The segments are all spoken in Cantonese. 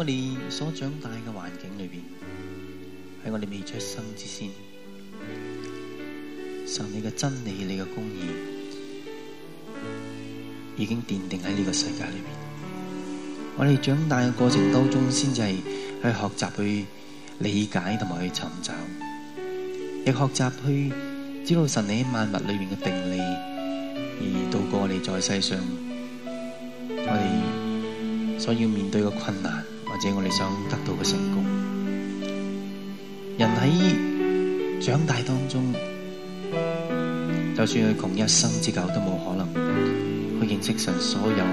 我哋所長大嘅環境裏邊，喺我哋未出生之前，神你嘅真理、你嘅公義已經奠定喺呢個世界裏邊。我哋長大嘅過程當中，先至係去學習、去理解同埋去尋找，亦學習去知道神你喺萬物裏面嘅定理，而度過我哋在世上我哋所要面對嘅困難。這我哋想得到嘅成功，人喺長大當中，就算佢窮一生之久，都冇可能去認識神所有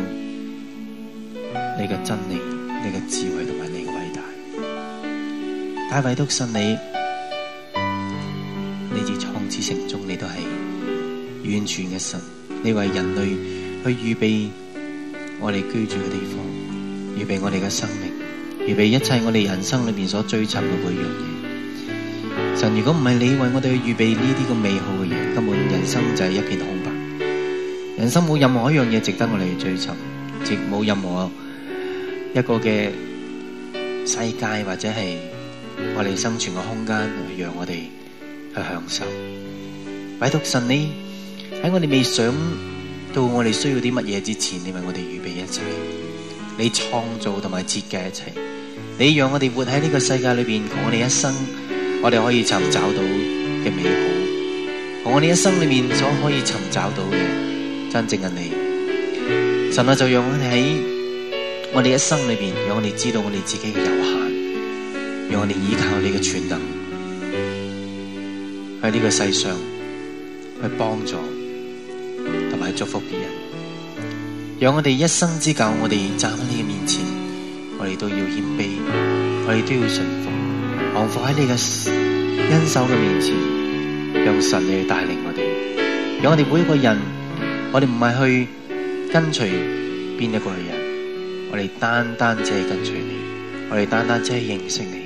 你嘅真理、你嘅智慧同埋你嘅偉大。大衛都信你，你自創始成終，你都係完全嘅神。你為人類去預備我哋居住嘅地方，預備我哋嘅生命。預備一切，我哋人生裏面所追尋嘅每樣嘢。神，如果唔係你為我哋去預備呢啲咁美好嘅嘢，根本人生就係一片空白。人生冇任何一樣嘢值得我哋去追尋，亦冇任何一個嘅世界或者係我哋生存嘅空間，讓我哋去享受。拜託神呢，喺我哋未想到我哋需要啲乜嘢之前，你為我哋預備一切，你創造同埋設計一切。你讓我哋活喺呢個世界裏邊，同我哋一生，我哋可以尋找到嘅美好，同我哋一生裏面所可以尋找到嘅真正嘅你，神啊，就讓我哋喺我哋一生裏邊，讓我哋知道我哋自己嘅有限，讓我哋依靠你嘅全能，喺呢個世上去幫助同埋祝福別人，讓我哋一生之久，我哋站喺你嘅面前。我哋都要謙卑，我哋都要順服，降服喺你嘅恩手嘅面前，用神你去帶領我哋，讓我哋每一個人，我哋唔係去跟隨邊一個人，我哋單單只係跟隨你，我哋單單只係認識你，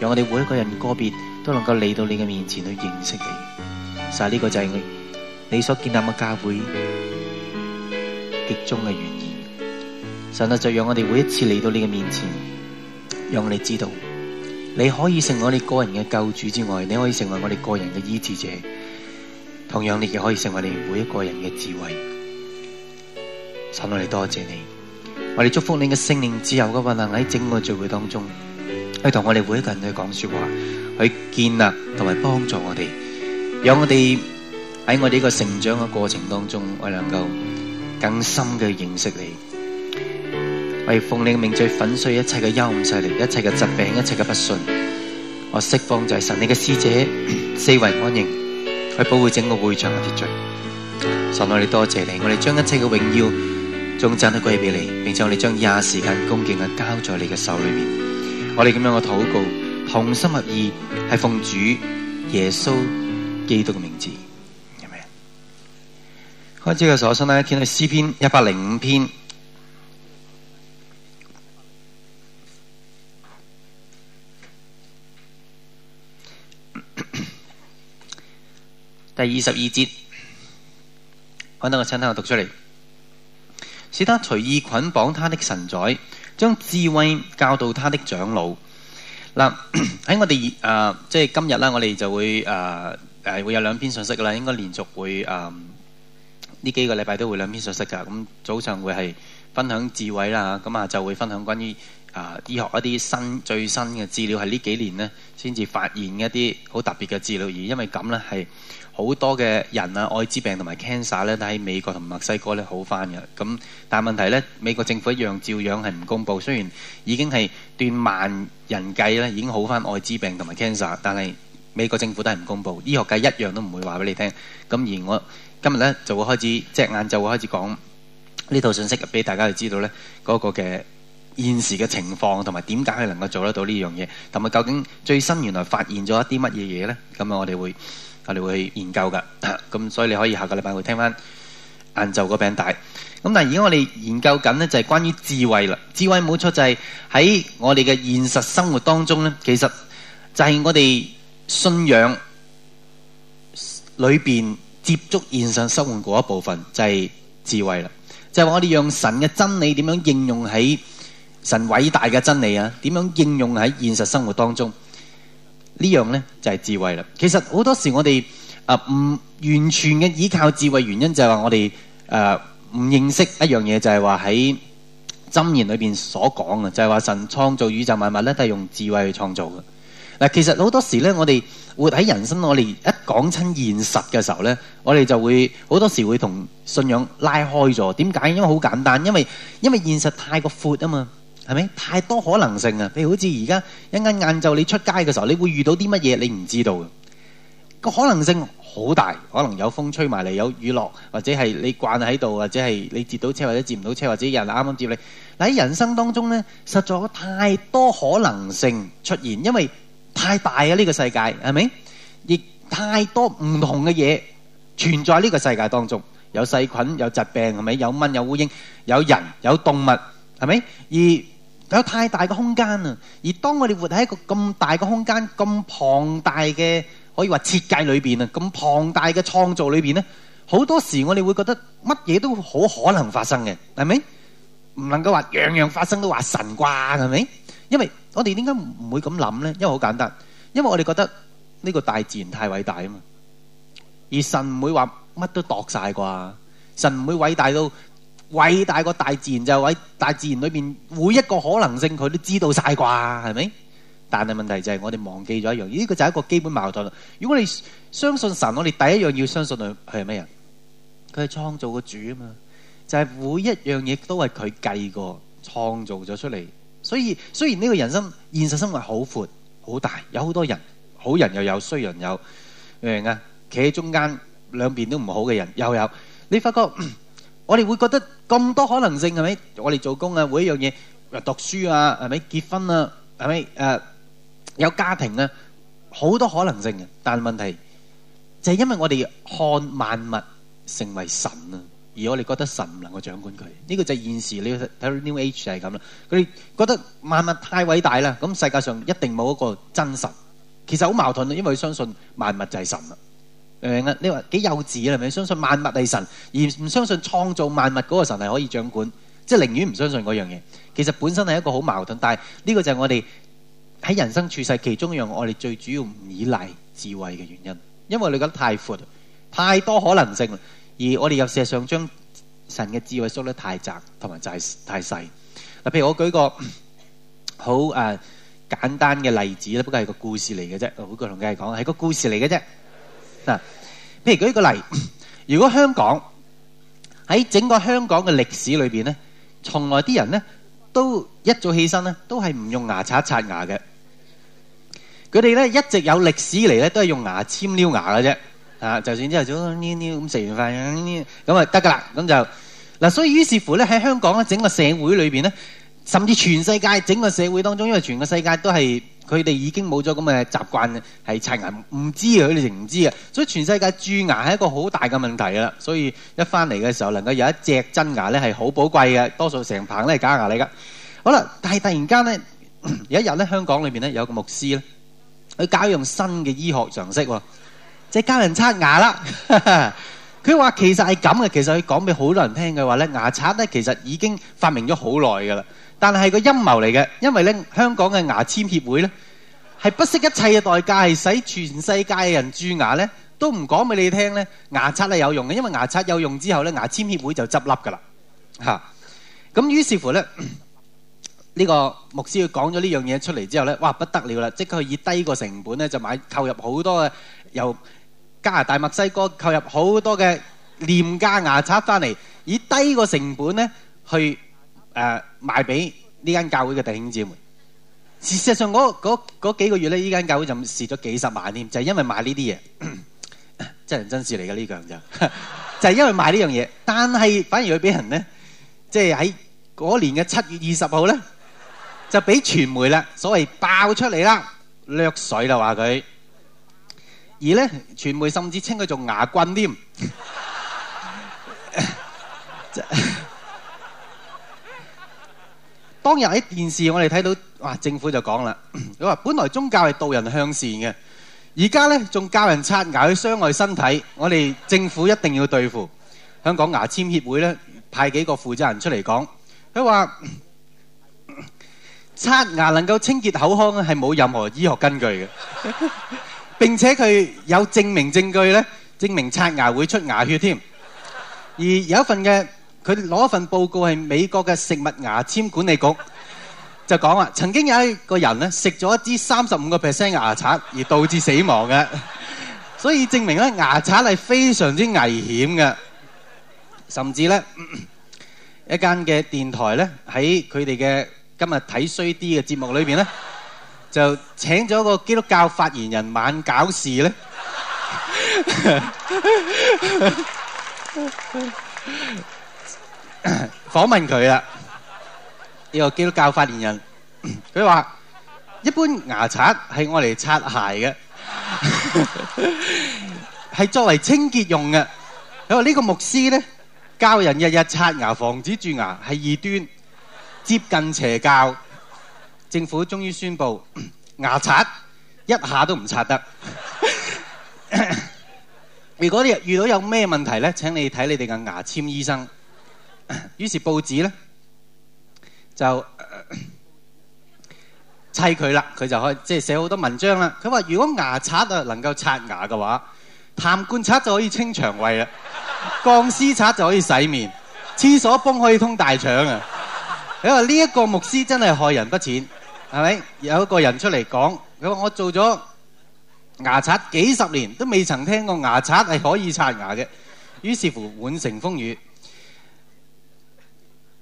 讓我哋每一個人個別都能夠嚟到你嘅面前去認識你，實係呢個就係你所建立嘅教會極終嘅原因。神啊，就讓我哋每一次嚟到你嘅面前，讓我哋知道，你可以成為我哋個人嘅救主之外，你可以成為我哋個人嘅醫治者，同樣你亦可以成為我哋每一個人嘅智慧。神啊，我哋多謝你，我哋祝福你嘅聖靈自由嘅運行喺整個聚會當中，去同我哋每一個人去講說話，去建立同埋幫助我哋，讓我哋喺我哋呢個成長嘅過程當中，我哋能夠更深嘅認識你。為奉你嘅名，去粉碎一切嘅幽暗勢力，一切嘅疾病，一切嘅不順，我釋放就係神，你嘅使者，四圍安營，去保護整個會場嘅秩序。神，我哋多謝你，我哋將一切嘅榮耀，頌讚都歸畀你，並且我哋將廿時間恭敬嘅交在你嘅手裡面。我哋咁樣嘅禱告，同心合意，係奉主耶穌基督嘅名字，阿們。開始嘅時候呢，到你詩篇一百零五篇。第二十二節，我到個餐單，我讀出嚟。使他隨意捆綁他的臣宰，將智慧教導他的長老。嗱，喺我哋誒，即、呃、係、就是、今日啦，我哋就會誒誒、呃呃、會有兩篇信息噶啦。應該連續會誒呢、呃、幾個禮拜都會兩篇信息噶。咁早上會係分享智慧啦，咁啊就會分享關於誒、呃、醫學一啲新最新嘅資料係呢幾年咧先至發現一啲好特別嘅治療，而因為咁咧係。好多嘅人啊，艾滋病同埋 cancer 咧，都喺美國同墨西哥咧好翻嘅。咁但係問題咧，美國政府一樣照樣係唔公布，雖然已經係段萬人計咧，已經好翻艾滋病同埋 cancer，但係美國政府都係唔公布，醫學界一樣都唔會話俾你聽。咁而我今日咧就會開始，即係晏晝會開始講呢套信息俾大家就知道咧嗰個嘅現時嘅情況同埋點解佢能夠做得到呢樣嘢，同埋究竟最新原來發現咗一啲乜嘢嘢咧。咁啊，我哋會。我哋會研究噶，咁所以你可以下個禮拜會聽翻晏晝個餅帶。咁但係而家我哋研究緊咧，就係關於智慧啦。智慧冇錯就係喺我哋嘅現實生活當中咧，其實就係我哋信仰裏邊接觸現實生活嗰一部分，就係智慧啦。就係話我哋用神嘅真理點樣應用喺神偉大嘅真理啊？點樣應用喺現實生活當中？呢樣呢就係、是、智慧啦。其實好多時我哋啊唔完全嘅依靠智慧，原因就係話我哋誒唔認識一樣嘢，就係話喺箴言裏邊所講嘅，就係、是、話神創造宇宙萬物咧，都係用智慧去創造嘅。嗱，其實好多時咧，我哋活喺人生，我哋一講親現實嘅時候咧，我哋就會好多時會同信仰拉開咗。點解？因為好簡單，因為因為現實太過闊啊嘛。係咪？太多可能性啊！譬如好似而家一間晏晝你出街嘅時候，你會遇到啲乜嘢？你唔知道嘅個可能性好大，可能有風吹埋嚟，有雨落，或者係你慣喺度，或者係你截到車，或者截唔到車，或者有人啱啱接你。但喺人生當中咧，實在有太多可能性出現，因為太大嘅呢個世界係咪？亦太多唔同嘅嘢存在呢個世界當中，有細菌、有疾病係咪？有蚊、有烏蠅、有人、有動物係咪？而有太大嘅空間啊！而當我哋活喺一個咁大嘅空間、咁龐大嘅可以話設計裏邊啊、咁龐大嘅創造裏邊咧，好多時我哋會覺得乜嘢都好可能發生嘅，係咪？唔能夠話樣樣發生都話神啩，係咪？因為我哋點解唔會咁諗咧？因為好簡單，因為我哋覺得呢個大自然太偉大啊嘛。而神唔會話乜都度晒啩，神唔會偉大到。偉大個大自然就喺大自然裏面，每一個可能性佢都知道晒啩，係咪？但係問題就係我哋忘記咗一樣，呢個就係一個基本矛盾。如果你相信神，我哋第一樣要相信佢係咩人？佢係創造嘅主啊嘛，就係每一樣嘢都係佢計過創造咗出嚟。所以雖然呢個人生現實生活好闊好大，有好多人，好人又有，衰人有，明啊？企喺中間兩邊都唔好嘅人又有，你發覺。我哋會覺得咁多可能性係咪？我哋做工啊，每一樣嘢，又讀書啊，係咪結婚啊，係咪誒有家庭啊？好多可能性嘅，但問題就係因為我哋看萬物成為神啊，而我哋覺得神唔能夠掌管佢。呢個就係現時你要睇 New Age 就係咁啦。佢哋覺得萬物太偉大啦，咁世界上一定冇一個真神。其實好矛盾啦，因為佢相信萬物就係神啦。你話幾幼稚啊？係咪相信萬物係神，而唔相信創造萬物嗰個神係可以掌管？即係寧願唔相信嗰樣嘢。其實本身係一個好矛盾，但係呢個就係我哋喺人生處世其中一樣，我哋最主要唔依賴智慧嘅原因。因為你覺得太闊，太多可能性，而我哋又事實上將神嘅智慧縮得太窄，同埋太太細。嗱，譬如我舉一個好誒、呃、簡單嘅例子啦，不過係個故事嚟嘅啫。好會同佢哋講，係個故事嚟嘅啫。嗱。 譬如舉個例，如果香港喺整個香港嘅歷史裏邊咧，從來啲人咧都一早起身咧，都係唔用牙刷刷牙嘅。佢哋咧一直有歷史嚟咧，都係用牙籤撩牙嘅啫。啊，就算之後早啲撩撩咁食完飯咁啊得㗎喇，咁就嗱，所以於是乎咧喺香港咧整個社會裏邊咧，甚至全世界整個社會當中，因為全個世界都係。佢哋已經冇咗咁嘅習慣，係刷牙不知道，唔知啊，佢哋唔知啊，所以全世界蛀牙係一個好大嘅問題啊！所以一翻嚟嘅時候，能夠有一隻真牙咧係好寶貴嘅，多數成棚咧係假牙嚟噶。好啦，但係突然間咧，有一日咧，香港裏邊咧有個牧師咧，佢教用新嘅醫學常識喎，即係教人刷牙啦。佢 話其實係咁嘅，其實佢講俾好多人聽嘅話咧，牙刷咧其實已經發明咗好耐㗎啦。但係個陰謀嚟嘅，因為咧香港嘅牙籤協會咧係不惜一切嘅代價，係使全世界嘅人蛀牙咧都唔講俾你聽咧，牙刷係有用嘅，因為牙刷有用之後咧，牙籤協會就執笠噶啦吓。咁、啊、於是乎咧，呢、這個牧師佢講咗呢樣嘢出嚟之後咧，哇不得了啦！即係佢以低個成本咧就買購入好多嘅由加拿大、墨西哥購入好多嘅廉價牙刷翻嚟，以低個成本咧去。誒、呃，賣俾呢間教會嘅弟兄姐妹，事實上嗰嗰嗰幾個月咧，呢間教會就蝕咗幾十萬添，就係、是，因為賣呢啲嘢。真人真事嚟噶呢個人就， 就係因為賣呢樣嘢，但係反而佢俾人咧，即係喺嗰年嘅七月二十號咧，就俾、是、傳媒啦，所謂爆出嚟啦，掠水啦話佢，而咧傳媒甚至稱佢做牙棍添。 當日喺電視，我哋睇到哇，政府就講啦，佢話：本來宗教係導人向善嘅，而家呢仲教人刷牙去傷害身體，我哋政府一定要對付。香港牙籤協會呢派幾個負責人出嚟講，佢話：刷牙能夠清潔口腔係冇任何醫學根據嘅，並且佢有證明證據呢，證明刷牙會出牙血添。而有一份嘅。佢哋攞一份報告，係美國嘅食物牙籤管理局，就講話，曾經有一個人咧食咗一支三十五個 percent 牙刷，而導致死亡嘅，所以證明咧牙刷係非常之危險嘅，甚至咧一間嘅電台咧喺佢哋嘅今日睇衰啲嘅節目裏邊咧，就請咗個基督教發言人猛搞事咧。訪 問佢啦，呢個基督教發言人，佢話：一般牙刷係我嚟擦鞋嘅，係作為清潔用嘅。佢話呢個牧師咧教人日日刷牙，防止蛀牙，係異端，接近邪教。政府終於宣布，牙刷一下都唔刷得。 如果你遇到有咩問題咧，請你睇你哋嘅牙籤醫生。於是報紙呢，就砌佢啦，佢、呃、就可以即係寫好多文章啦。佢話：如果牙刷啊能夠刷牙嘅話，痰罐刷就可以清腸胃啦，鋼絲刷就可以洗面，廁所泵可以通大腸啊！佢話呢一個牧師真係害人不淺，係咪有一個人出嚟講？佢話我做咗牙刷幾十年，都未曾聽過牙刷係可以刷牙嘅。於是乎滿城風雨。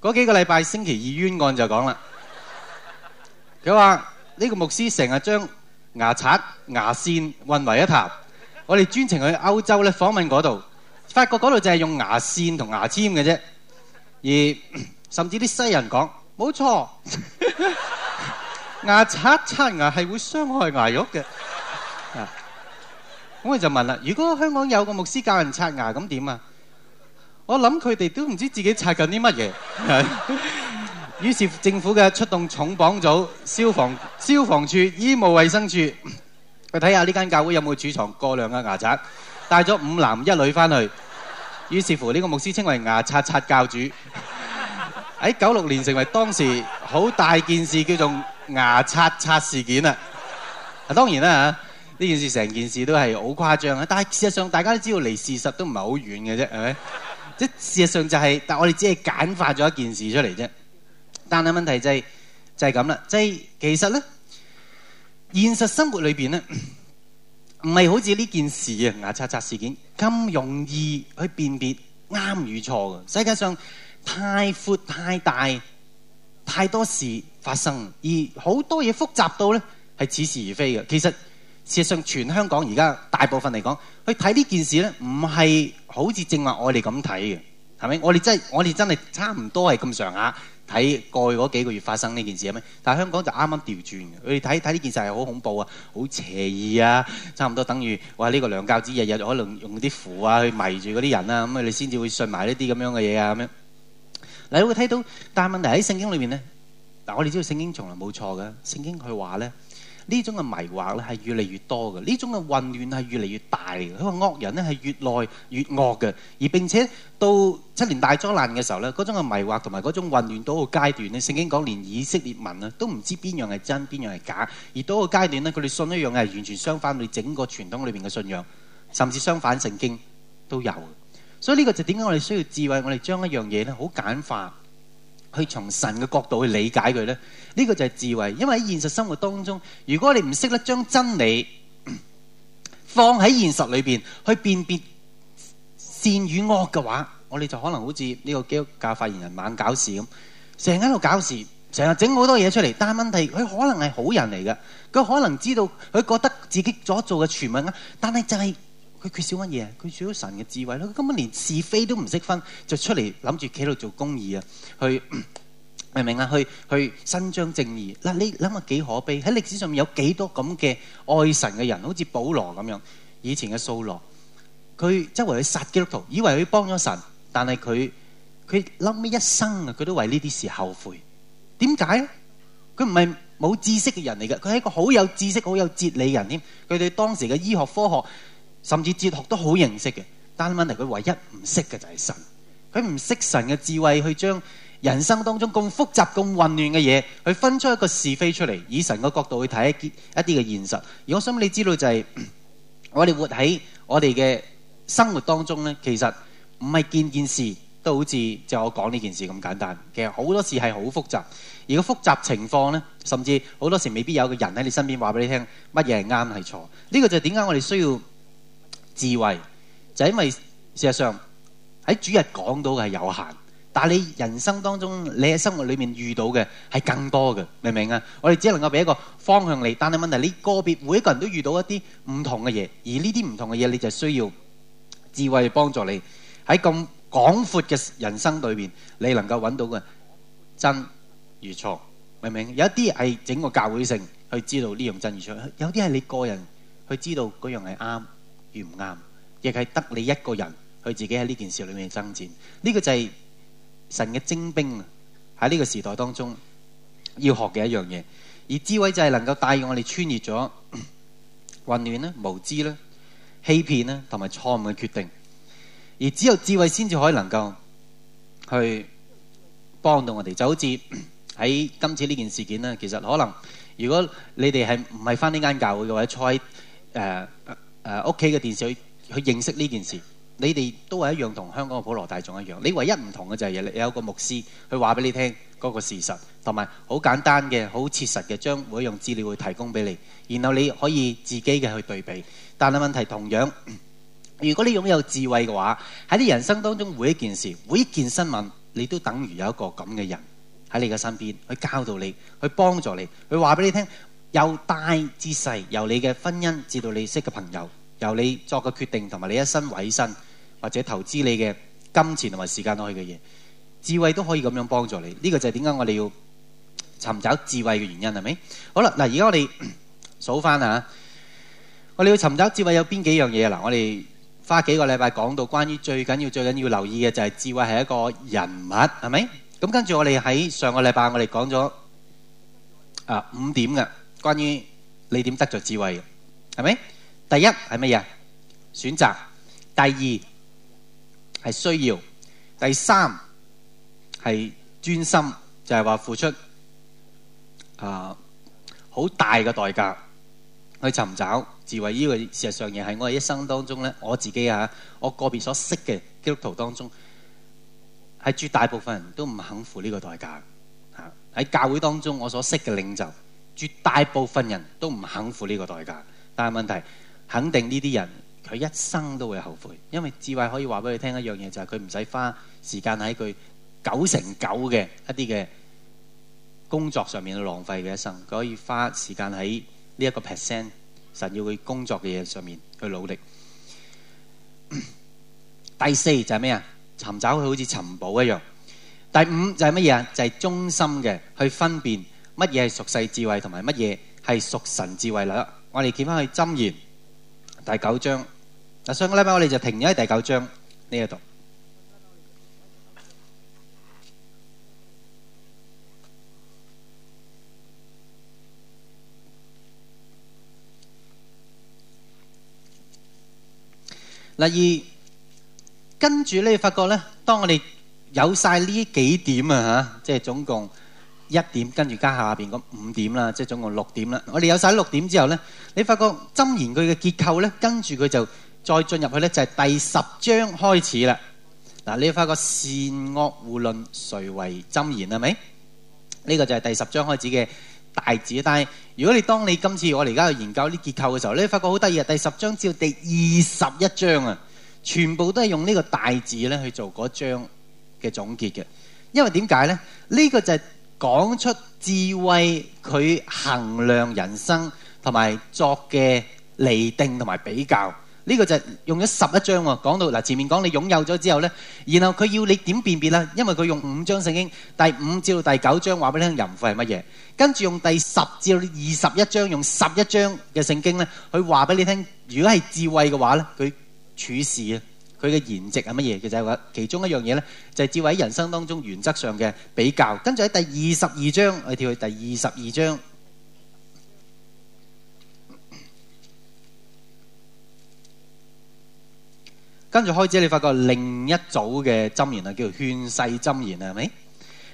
嗰幾個禮拜，星期二冤案就講啦。佢話：呢個牧師成日將牙刷、牙線混為一談。我哋專程去歐洲訪問嗰度，發覺嗰度淨係用牙線同牙籤嘅啫。而甚至啲西人講：冇錯， 牙刷刷牙係會傷害牙肉嘅。咁我就問啦：如果香港有個牧師教人刷牙那怎麼辦，咁點啊？我諗佢哋都唔知自己拆緊啲乜嘢，於是政府嘅出動重綁組、消防、消防處、醫務衛生處去睇下呢間教會有冇儲藏過量嘅牙刷，帶咗五男一女翻去，於是乎呢個牧師稱為牙刷刷教主，喺九六年成為當時好大件事，叫做牙刷刷事件啊。當然啦，吓呢件事，成件事都係好誇張啊，但係事實上大家都知道離事實都唔係好遠嘅啫，係咪？事實上就係，但我哋只係簡化咗一件事出嚟啫。但係問題就係就係咁啦，即係其實咧，現實生活裏邊咧，唔係好似呢件事啊，牙刷刷事件咁容易去辨別啱與錯嘅。世界上太闊太大，太多事發生，而好多嘢複雜到咧係似是而非嘅。其實事實上，全香港而家大部分嚟講，去睇呢件事咧，唔係。好似正話我哋咁睇嘅，係咪？我哋真係我哋真係差唔多係咁上下睇過去嗰幾個月發生呢件事，係咪？但係香港就啱啱調轉，佢哋睇睇呢件事係好恐怖啊，好邪異啊，差唔多等於話呢個兩教主日日可能用啲符啊去迷住嗰啲人啊，咁啊你先至會信埋呢啲咁樣嘅嘢啊咁樣。嗱，你會睇到，但係問題喺聖經裏邊咧，嗱我哋知道聖經從來冇錯嘅，聖經佢話咧。呢種嘅迷惑係越嚟越多嘅，呢種嘅混亂係越嚟越大嚟惡佢惡人是係越來越惡嘅、這個、惡人是越越惡的，而並且到七年大災難嘅時候咧，嗰種嘅迷惑同埋嗰種混亂到一個階段，你聖經講連以色列文都唔知邊樣係真邊樣係假，而到個階段咧，佢哋信一樣係完全相反，你整個傳統裏面嘅信仰，甚至相反，聖經都有。所以呢個就點解我哋需要智慧，我哋將一樣嘢咧好簡化。去從神嘅角度去理解佢呢，呢個就係智慧。因為喺現實生活當中，如果你唔識得將真理放喺現實裏面去辨別善與惡嘅話，我哋就可能好似呢個基督教發言人猛搞事咁，成日喺度搞事，成日整好多嘢出嚟。但係問題，佢可能係好人嚟嘅，佢可能知道佢覺得自己所做嘅傳聞，但係就係。佢缺少乜嘢？佢缺少神嘅智慧咯。佢根本連是非都唔識分，就出嚟諗住企度做公義啊，去明唔明啊？去去伸張正義嗱，你諗下幾可悲。喺歷史上面有幾多咁嘅愛神嘅人，好似保羅咁樣，以前嘅掃羅，佢周圍去殺基督徒，以為佢幫咗神，但係佢佢諗起一生啊，佢都為呢啲事後悔。點解咧？佢唔係冇知識嘅人嚟嘅，佢係一個好有知識、好有哲理人添。佢哋當時嘅醫學科學。甚至哲學都好認識嘅，但係問題佢唯一唔識嘅就係神，佢唔識神嘅智慧去將人生當中咁複雜、咁混亂嘅嘢，去分出一個是非出嚟，以神嘅角度去睇一啲一啲嘅現實。而我想你知道就係我哋活喺我哋嘅生活當中咧，其實唔係件件事都好似就我講呢件事咁簡單。其實好多事係好複雜，而個複雜情況咧，甚至好多時未必有個人喺你身邊話俾你聽乜嘢係啱係錯。呢個就係點解我哋需要。智慧就是，因為事實上喺主日講到嘅係有限，但係你人生當中，你喺生活裏面遇到嘅係更多嘅，明唔明啊？我哋只能夠俾一個方向你，但係問題，你個別每一個人都遇到一啲唔同嘅嘢，而呢啲唔同嘅嘢你就需要智慧幫助你喺咁廣闊嘅人生裏面，你能夠揾到嘅真與錯，明唔明？有啲係整個教會性去知道呢樣真與錯，有啲係你個人去知道嗰樣係啱。越唔啱，亦係得你一個人去自己喺呢件事裏面嘅爭戰。呢、這個就係神嘅精兵啊！喺呢個時代當中要學嘅一樣嘢，而智慧就係能夠帶我哋穿越咗混亂咧、無知咧、欺騙咧，同埋錯誤嘅決定。而只有智慧先至可以能夠去幫到我哋。就好似喺今次呢件事件呢，其實可能如果你哋係唔係返呢間教會嘅話，蔡誒。呃誒屋企嘅電視去去認識呢件事，你哋都係一樣同香港嘅普羅大眾一樣。你唯一唔同嘅就係、是、有有個牧師去話俾你聽嗰個事實，同埋好簡單嘅、好切實嘅將每一樣資料去提供俾你，然後你可以自己嘅去對比。但係問題同樣，如果你擁有智慧嘅話，喺你人生當中每一件事，每一件新聞，你都等於有一個咁嘅人喺你嘅身邊去教導你，去幫助你，去話俾你聽。由大至細，由你嘅婚姻至到你識嘅朋友，由你作嘅決定同埋你一生委身或者投資你嘅金錢同埋時間落去嘅嘢，智慧都可以咁樣幫助你。呢個就係點解我哋要尋找智慧嘅原因係咪？好啦，嗱，而家我哋數翻吓，我哋要尋找智慧有邊幾樣嘢。嗱，我哋花幾個禮拜講到關於最緊要、最緊要要留意嘅就係智慧係一個人物，係咪？咁跟住我哋喺上個禮拜我哋講咗啊五點嘅。關於你點得着智慧，係咪？第一係乜嘢？選擇。第二係需要。第三係專心，就係話付出啊好大嘅代價去尋找智慧。呢個事實上亦係我一生當中咧，我自己啊，我個別所識嘅基督徒當中，係絕大部分人都唔肯付呢個代價。吓喺教會當中，我所識嘅領袖絕大部分人都唔肯付呢個代價，但係問題係肯定呢啲人佢一生都會後悔，因為智慧可以話俾佢聽一樣嘢，就係佢唔使花時間喺佢九成九嘅一啲嘅工作上面去浪費嘅一生，佢可以花時間喺呢一個 percent 神要佢工作嘅嘢上面去努力。第四就係咩啊？尋找佢好似尋寶一樣。第五就係乜嘢啊？就係、係、忠心嘅去分辨。乜嘢係屬世智慧，同埋乜嘢係屬神智慧嚟啦？我哋見翻去箴言第九章。嗱，上個禮拜我哋就停咗喺第九章呢一度。嗱，而跟住咧，發覺咧，當我哋有晒呢幾點啊，吓，即係總共。一點跟住加下邊嗰五點啦，即係總共六點啦。我哋有晒六點之後呢，你發覺《箴言》佢嘅結構呢，跟住佢就再進入去呢，就係、是、第十章開始啦。嗱，你要發覺善惡互論，誰為箴言係咪？呢、這個就係第十章開始嘅大字。但係如果你當你今次我哋而家去研究呢結構嘅時候，你發覺好得意啊！第十章至第二十一章啊，全部都係用呢個大字呢去做嗰章嘅總結嘅。因為點解呢？呢、這個就係、是。講出智慧，佢衡量人生同埋作嘅決定同埋比較，呢、這個就用咗十一章喎，講到嗱前面講你擁有咗之後呢，然後佢要你點辨別呢？因為佢用五章聖經第五至到第九章話畀你聽淫婦係乜嘢，跟住用第十至到二十一章用十一章嘅聖經呢，佢話畀你聽如果係智慧嘅話呢，佢處事啊。佢嘅言值係乜嘢？其實係話其中一樣嘢咧，就係智慧喺人生當中原則上嘅比較。跟住喺第二十二章，我哋跳去第二十二章。跟住開始，你發覺另一組嘅箴言啊，叫做勸世箴言啊，係咪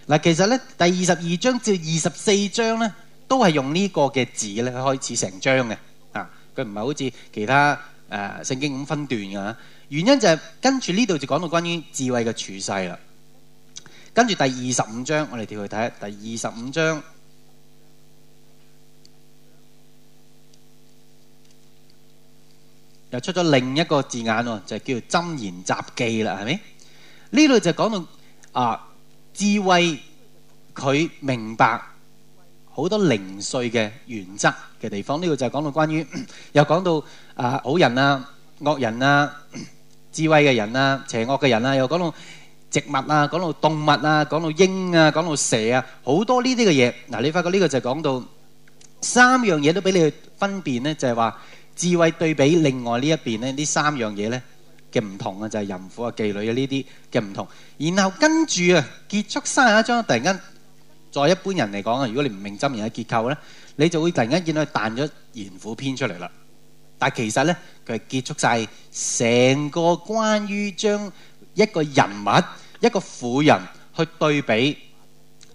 嗱？其實咧，第二十二章至二十四章咧，都係用呢個嘅字咧開始成章嘅啊。佢唔係好似其他誒呃、聖經咁分段㗎。原因就係跟住呢度就講到關於智慧嘅處世啦。跟住第二十五章，我哋調去睇下。第二十五章又出咗另一個字眼喎，就係叫做「針言雜記」啦，係咪？呢度就講到啊智慧佢明白好多零碎嘅原則嘅地方。呢度就講到關於又講到啊好人啊惡人啊。哦人啊哦人啊智慧嘅人啊，邪惡嘅人啊，又講到植物啊，講到動物啊，講到鷹啊，講到蛇啊，好多呢啲嘅嘢。嗱，你發覺呢個就係講到三樣嘢都俾你去分辨咧，就係、是、話智慧對比另外呢一邊咧，呢三樣嘢咧嘅唔同啊，就係、是、淫婦啊、妓女啊呢啲嘅唔同。然後跟住啊，結束晒一章，突然間作為一般人嚟講啊，如果你唔明箴言嘅結構咧，你就會突然間見到佢彈咗淫婦篇出嚟啦。但係其實咧。佢結束晒成個關於將一個人物一個婦人去對比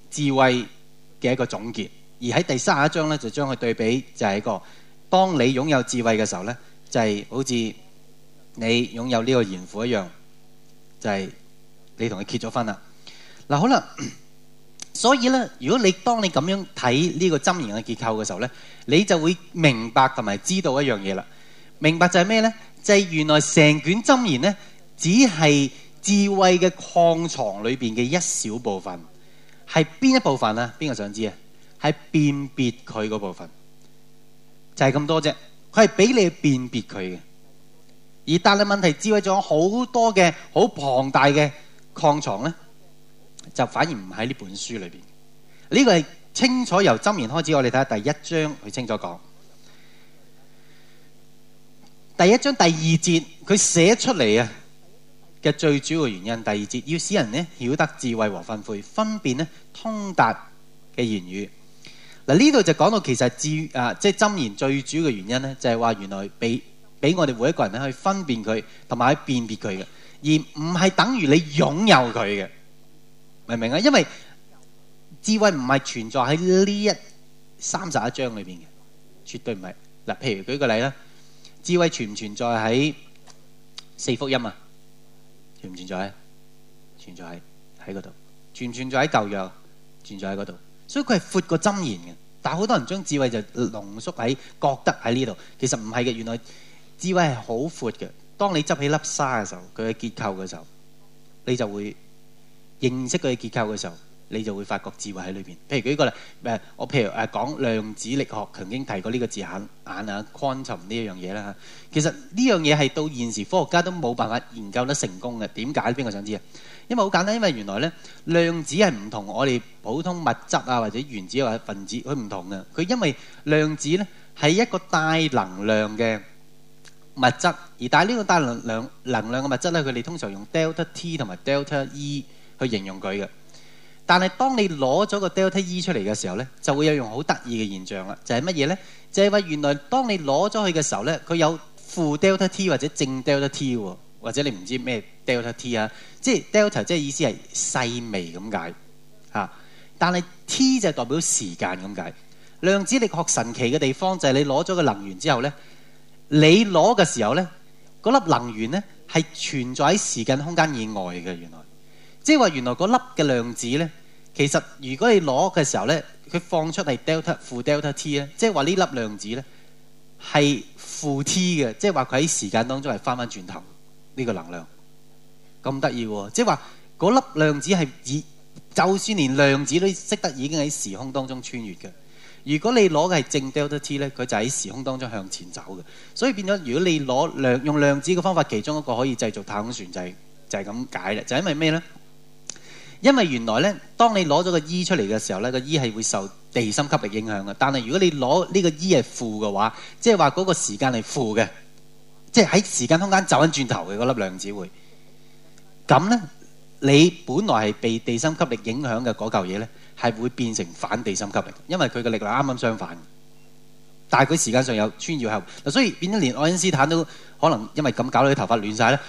智慧嘅一個總結，而喺第三一章咧就將佢對比就係一個，當你擁有智慧嘅時候咧就係好似你擁有呢個賢婦一樣，就係你同佢結咗婚啦。嗱，好啦，所以咧，如果你當你咁樣睇呢個箴言嘅結構嘅時候咧，你就會明白同埋知道一樣嘢啦。明白就係咩呢？就係、是、原來成卷箴言呢，只係智慧嘅礦床裏邊嘅一小部分。係邊一部分呢？邊個想知啊？係辨別佢嗰部分，就係咁多啫。佢係俾你辨別佢嘅。而但係問題，智慧仲有好多嘅好龐大嘅礦床呢，就反而唔喺呢本書裏邊。呢個係清楚由箴言開始，我哋睇下第一章佢清楚講。第一章第二節佢寫出嚟啊嘅最主要嘅原因，第二節要使人呢曉得智慧和訓誨，分辨呢通達嘅言語。嗱，呢度就講到其實智啊即係箴言最主要嘅原因呢，就係、是、話原來俾俾我哋每一個人咧去分辨佢，同埋去辨別佢嘅，而唔係等於你擁有佢嘅，明唔明啊？因為智慧唔係存在喺呢一三十一章裏邊嘅，絕對唔係。嗱，譬如舉個例啦。智慧存唔存在喺四福音啊？存唔存在？存在喺喺嗰度，存唔存在喺舊約？存在喺嗰度，所以佢係闊過箴言嘅。但係好多人將智慧就濃縮喺覺得喺呢度，其實唔係嘅。原來智慧係好闊嘅。當你執起粒沙嘅時候，佢嘅結構嘅時候，你就會認識佢嘅結構嘅時候。你就會發覺智慧喺裏邊。譬如舉個例，誒，我譬如誒講量子力學曾經提過呢個字眼眼啊，quantum 呢一樣嘢啦。其實呢樣嘢係到現時科學家都冇辦法研究得成功嘅。點解？邊個想知啊？因為好簡單，因為原來咧量子係唔同我哋普通物質啊，或者原子或者分子，佢唔同嘅。佢因為量子咧係一個帶能量嘅物質，而但係呢個帶能量能量嘅物質咧，佢哋通常用 delta t 同埋 delta e 去形容佢嘅。但係當你攞咗個 delta E 出嚟嘅時候咧，就會有樣好得意嘅現象啦，就係乜嘢咧？就係、係、話原來當你攞咗佢嘅時候咧，佢有負 delta t 或者正 delta t，或者你唔知咩 delta t 啊？即係 delta 即係意思係細微咁解嚇。但係 t 就係代表時間咁解。量子力學神奇嘅地方就係你攞咗個能源之後咧，你攞嘅時候咧，嗰粒能源咧係存在喺時間空間以外嘅原來。即係話原來嗰粒嘅量子咧，其實如果你攞嘅時候咧，佢放出係 delta 負 delta t 咧，即係話呢粒量子咧係負 t 嘅，即係話佢喺時間當中係翻翻轉頭呢個能量，咁得意喎！即係話嗰粒量子係以，就算連量子都識得已經喺時空當中穿越嘅。如果你攞嘅係正 delta t 咧，佢就喺時空當中向前走嘅。所以變咗如果你攞量用量子嘅方法，其中一個可以製造太空船就係就係咁解啦，就係因為咩咧？因為原來咧，當你攞咗個 E 出嚟嘅時候咧，個 E 係會受地心吸力影響嘅。但係如果你攞呢個 E 係負嘅話，即係話嗰個時間係負嘅，即係喺時間空間走緊轉頭嘅嗰粒量子會。咁咧，你本來係被地心吸力影響嘅嗰嚿嘢咧，係會變成反地心吸力，因為佢嘅力量啱啱相反。但係佢時間上有穿越後，嗱，所以變咗連愛因斯坦都可能因為咁搞到啲頭髮亂晒咧。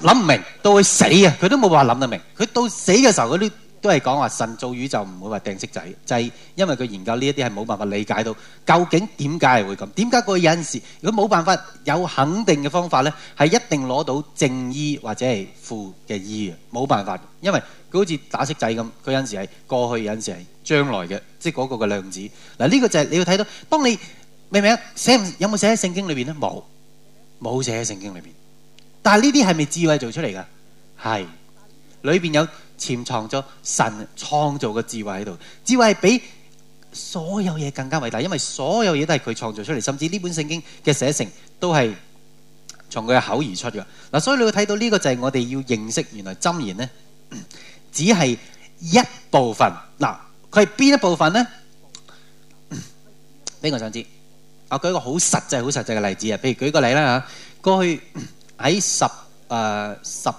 諗唔明到佢死啊！佢都冇話諗得明，佢到死嘅時候，佢都都係講話神造宇宙唔會話掟色仔，就係因為佢研究呢一啲係冇辦法理解到究竟點解係會咁，點解佢有陣時如果冇辦法有肯定嘅方法咧，係一定攞到正醫或者係負嘅醫啊。冇辦法，因為佢好似打色仔咁，佢有陣時係過去，有陣時係將來嘅，即係嗰個嘅量子。嗱，呢個就係你要睇到，當你咩名寫唔有冇寫喺聖經裏邊咧？冇，冇寫喺聖經裏邊。但係呢啲係咪智慧做出嚟噶？係，裏邊有潛藏咗神創造嘅智慧喺度。智慧比所有嘢更加偉大，因為所有嘢都係佢創造出嚟，甚至呢本聖經嘅寫成都係從佢嘅口而出嘅。嗱，所以你會睇到呢個就係我哋要認識，原來箴言咧，只係一部分。嗱，佢係邊一部分咧？俾我想知。我舉一個好實際、好實際嘅例子啊，譬如舉個例啦吓，過去。喺十誒十二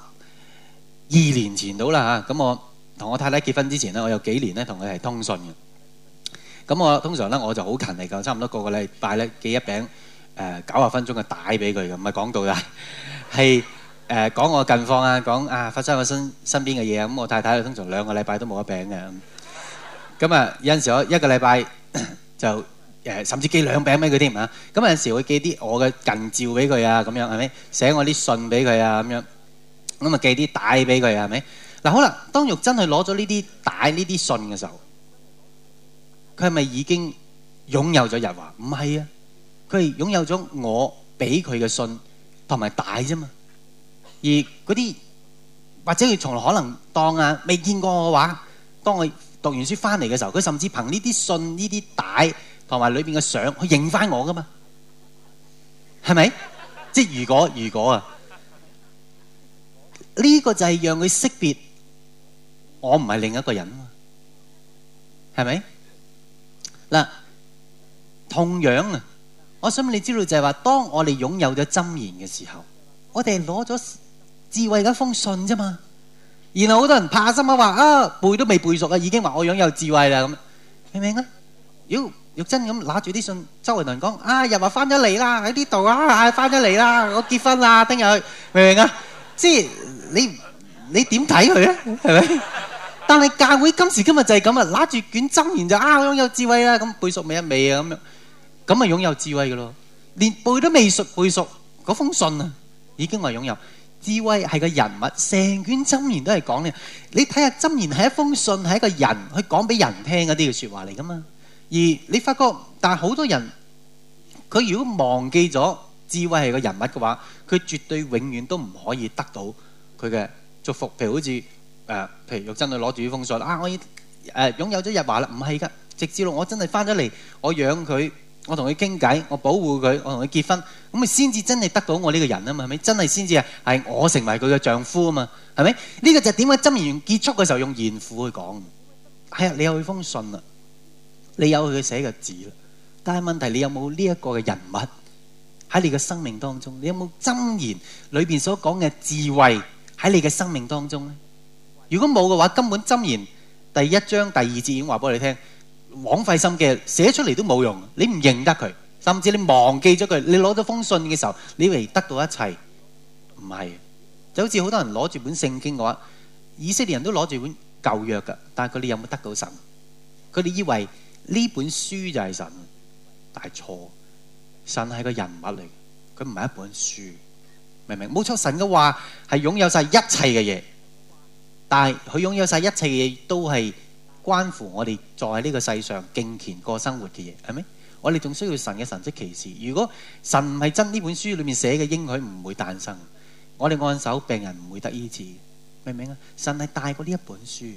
年前到啦嚇，咁我同我太太結婚之前咧，我有幾年咧同佢係通訊嘅。咁我通常咧，我就好勤力嘅，差唔多個個禮拜咧寄一餅誒九十分鐘嘅帶俾佢嘅，唔係講道嘅，係誒講我近況啊，講啊發生我身身邊嘅嘢啊，咁我太太咧通常兩個禮拜都冇一餅嘅。咁啊有陣時我一個禮拜就。誒，甚至寄兩餅俾佢添啊！咁有時會寄啲我嘅近照俾佢啊，咁樣係咪寫我啲信俾佢啊？咁樣咁啊，寄啲帶俾佢啊，係咪？嗱，好啦，當玉珍係攞咗呢啲帶、呢啲信嘅時候，佢係咪已經擁有咗日華？唔係啊，佢係擁有咗我俾佢嘅信同埋帶啫嘛。而嗰啲或者佢從來可能當啊未見過我嘅話，當我讀完書翻嚟嘅時候，佢甚至憑呢啲信、呢啲帶。同埋裏邊嘅相去認返我㗎嘛，係咪？即係如果如果啊，呢個就係讓佢識別我唔係另一個人啊嘛，係咪？嗱，同樣啊，我想你知道就係話，當我哋擁有咗箴言嘅時候，我哋攞咗智慧嘅一封信啫嘛。然後好多人怕心啊，話啊背都未背熟啊，已經話我擁有智慧啦咁，明唔明啊？妖！玉珍咁拿住啲信，周圍同人講：啊，又話翻咗嚟啦，喺呢度啊，翻咗嚟啦，我結婚啦，聽日去，明唔明啊？ 即係你你點睇佢啊？係咪？ 但係教會今時今日就係咁啊，拿住卷箴言就啊，擁有智慧啦，咁背熟未一尾啊，咁樣咁啊，擁有智慧噶咯、啊啊。連背都未熟，背熟嗰封信啊，已經係擁有智慧。係個人物，成卷箴言都係講咧。你睇下箴言係一封信，係一個人去講俾人聽嗰啲嘅説話嚟噶嘛？而你發覺，但係好多人佢如果忘記咗智慧係個人物嘅話，佢絕對永遠都唔可以得到佢嘅祝福。譬如好似誒、呃，譬如玉珍，係攞住呢封信啊，我誒擁、呃、有咗日華啦，唔係噶，直至到我真係翻咗嚟，我養佢，我同佢傾偈，我保護佢，我同佢結婚，咁佢先至真係得到我呢個人啊嘛，係咪？真係先至係我成為佢嘅丈夫啊嘛，係咪？呢、這個就點解箴言結束嘅時候用賢婦去講？係、哎、啊，你有佢封信啊。你有佢寫嘅字啦，但係問題你有冇呢一個嘅人物喺你嘅生命當中？你有冇箴言裏邊所講嘅智慧喺你嘅生命當中咧？如果冇嘅話，根本箴言第一章第二節已經話俾你聽，枉費心機寫出嚟都冇用。你唔認得佢，甚至你忘記咗佢。你攞咗封信嘅時候，你以為得到一切，唔係就好似好多人攞住本聖經嘅話，以色列人都攞住本舊約噶，但係佢哋有冇得到神？佢哋以為。呢本書就係神，但係錯，神係個人物嚟，佢唔係一本書，明唔明？冇錯，神嘅話係擁有晒一切嘅嘢，但係佢擁有晒一切嘅嘢都係關乎我哋在呢個世上敬虔過生活嘅嘢，係咪？我哋仲需要神嘅神蹟奇事。如果神唔係真呢本書裏面寫嘅，應許唔會誕生。我哋按手病人唔會得醫治，明唔明啊？神係大過呢一本書，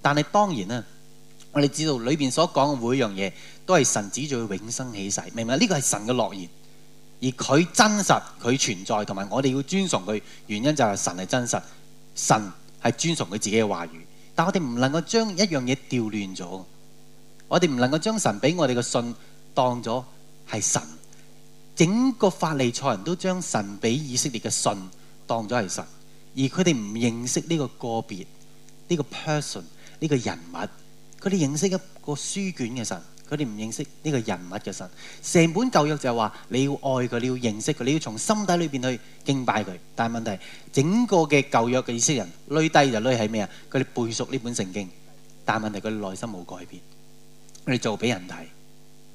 但係當然啊。我哋知道裏邊所講嘅每一樣嘢都係神指住佢永生起誓，明唔明？呢、呢個係神嘅諾言，而佢真實佢存在，同埋我哋要尊崇佢原因就係神係真實，神係尊崇佢自己嘅話語。但我哋唔能夠將一樣嘢調亂咗，我哋唔能夠將神俾我哋嘅信當咗係神。整個法利賽人都將神俾以色列嘅信當咗係神，而佢哋唔認識呢個個別呢、呢個 person 呢個人物。佢哋認識一個書卷嘅神，佢哋唔認識呢個人物嘅神。成本舊約就係話你要愛佢，你要認識佢，你要從心底裏邊去敬拜佢。但係問題整個嘅舊約嘅以色列人，累低就唂喺咩啊？佢哋背熟呢本聖經，但係問題佢哋內心冇改變，佢哋做俾人睇，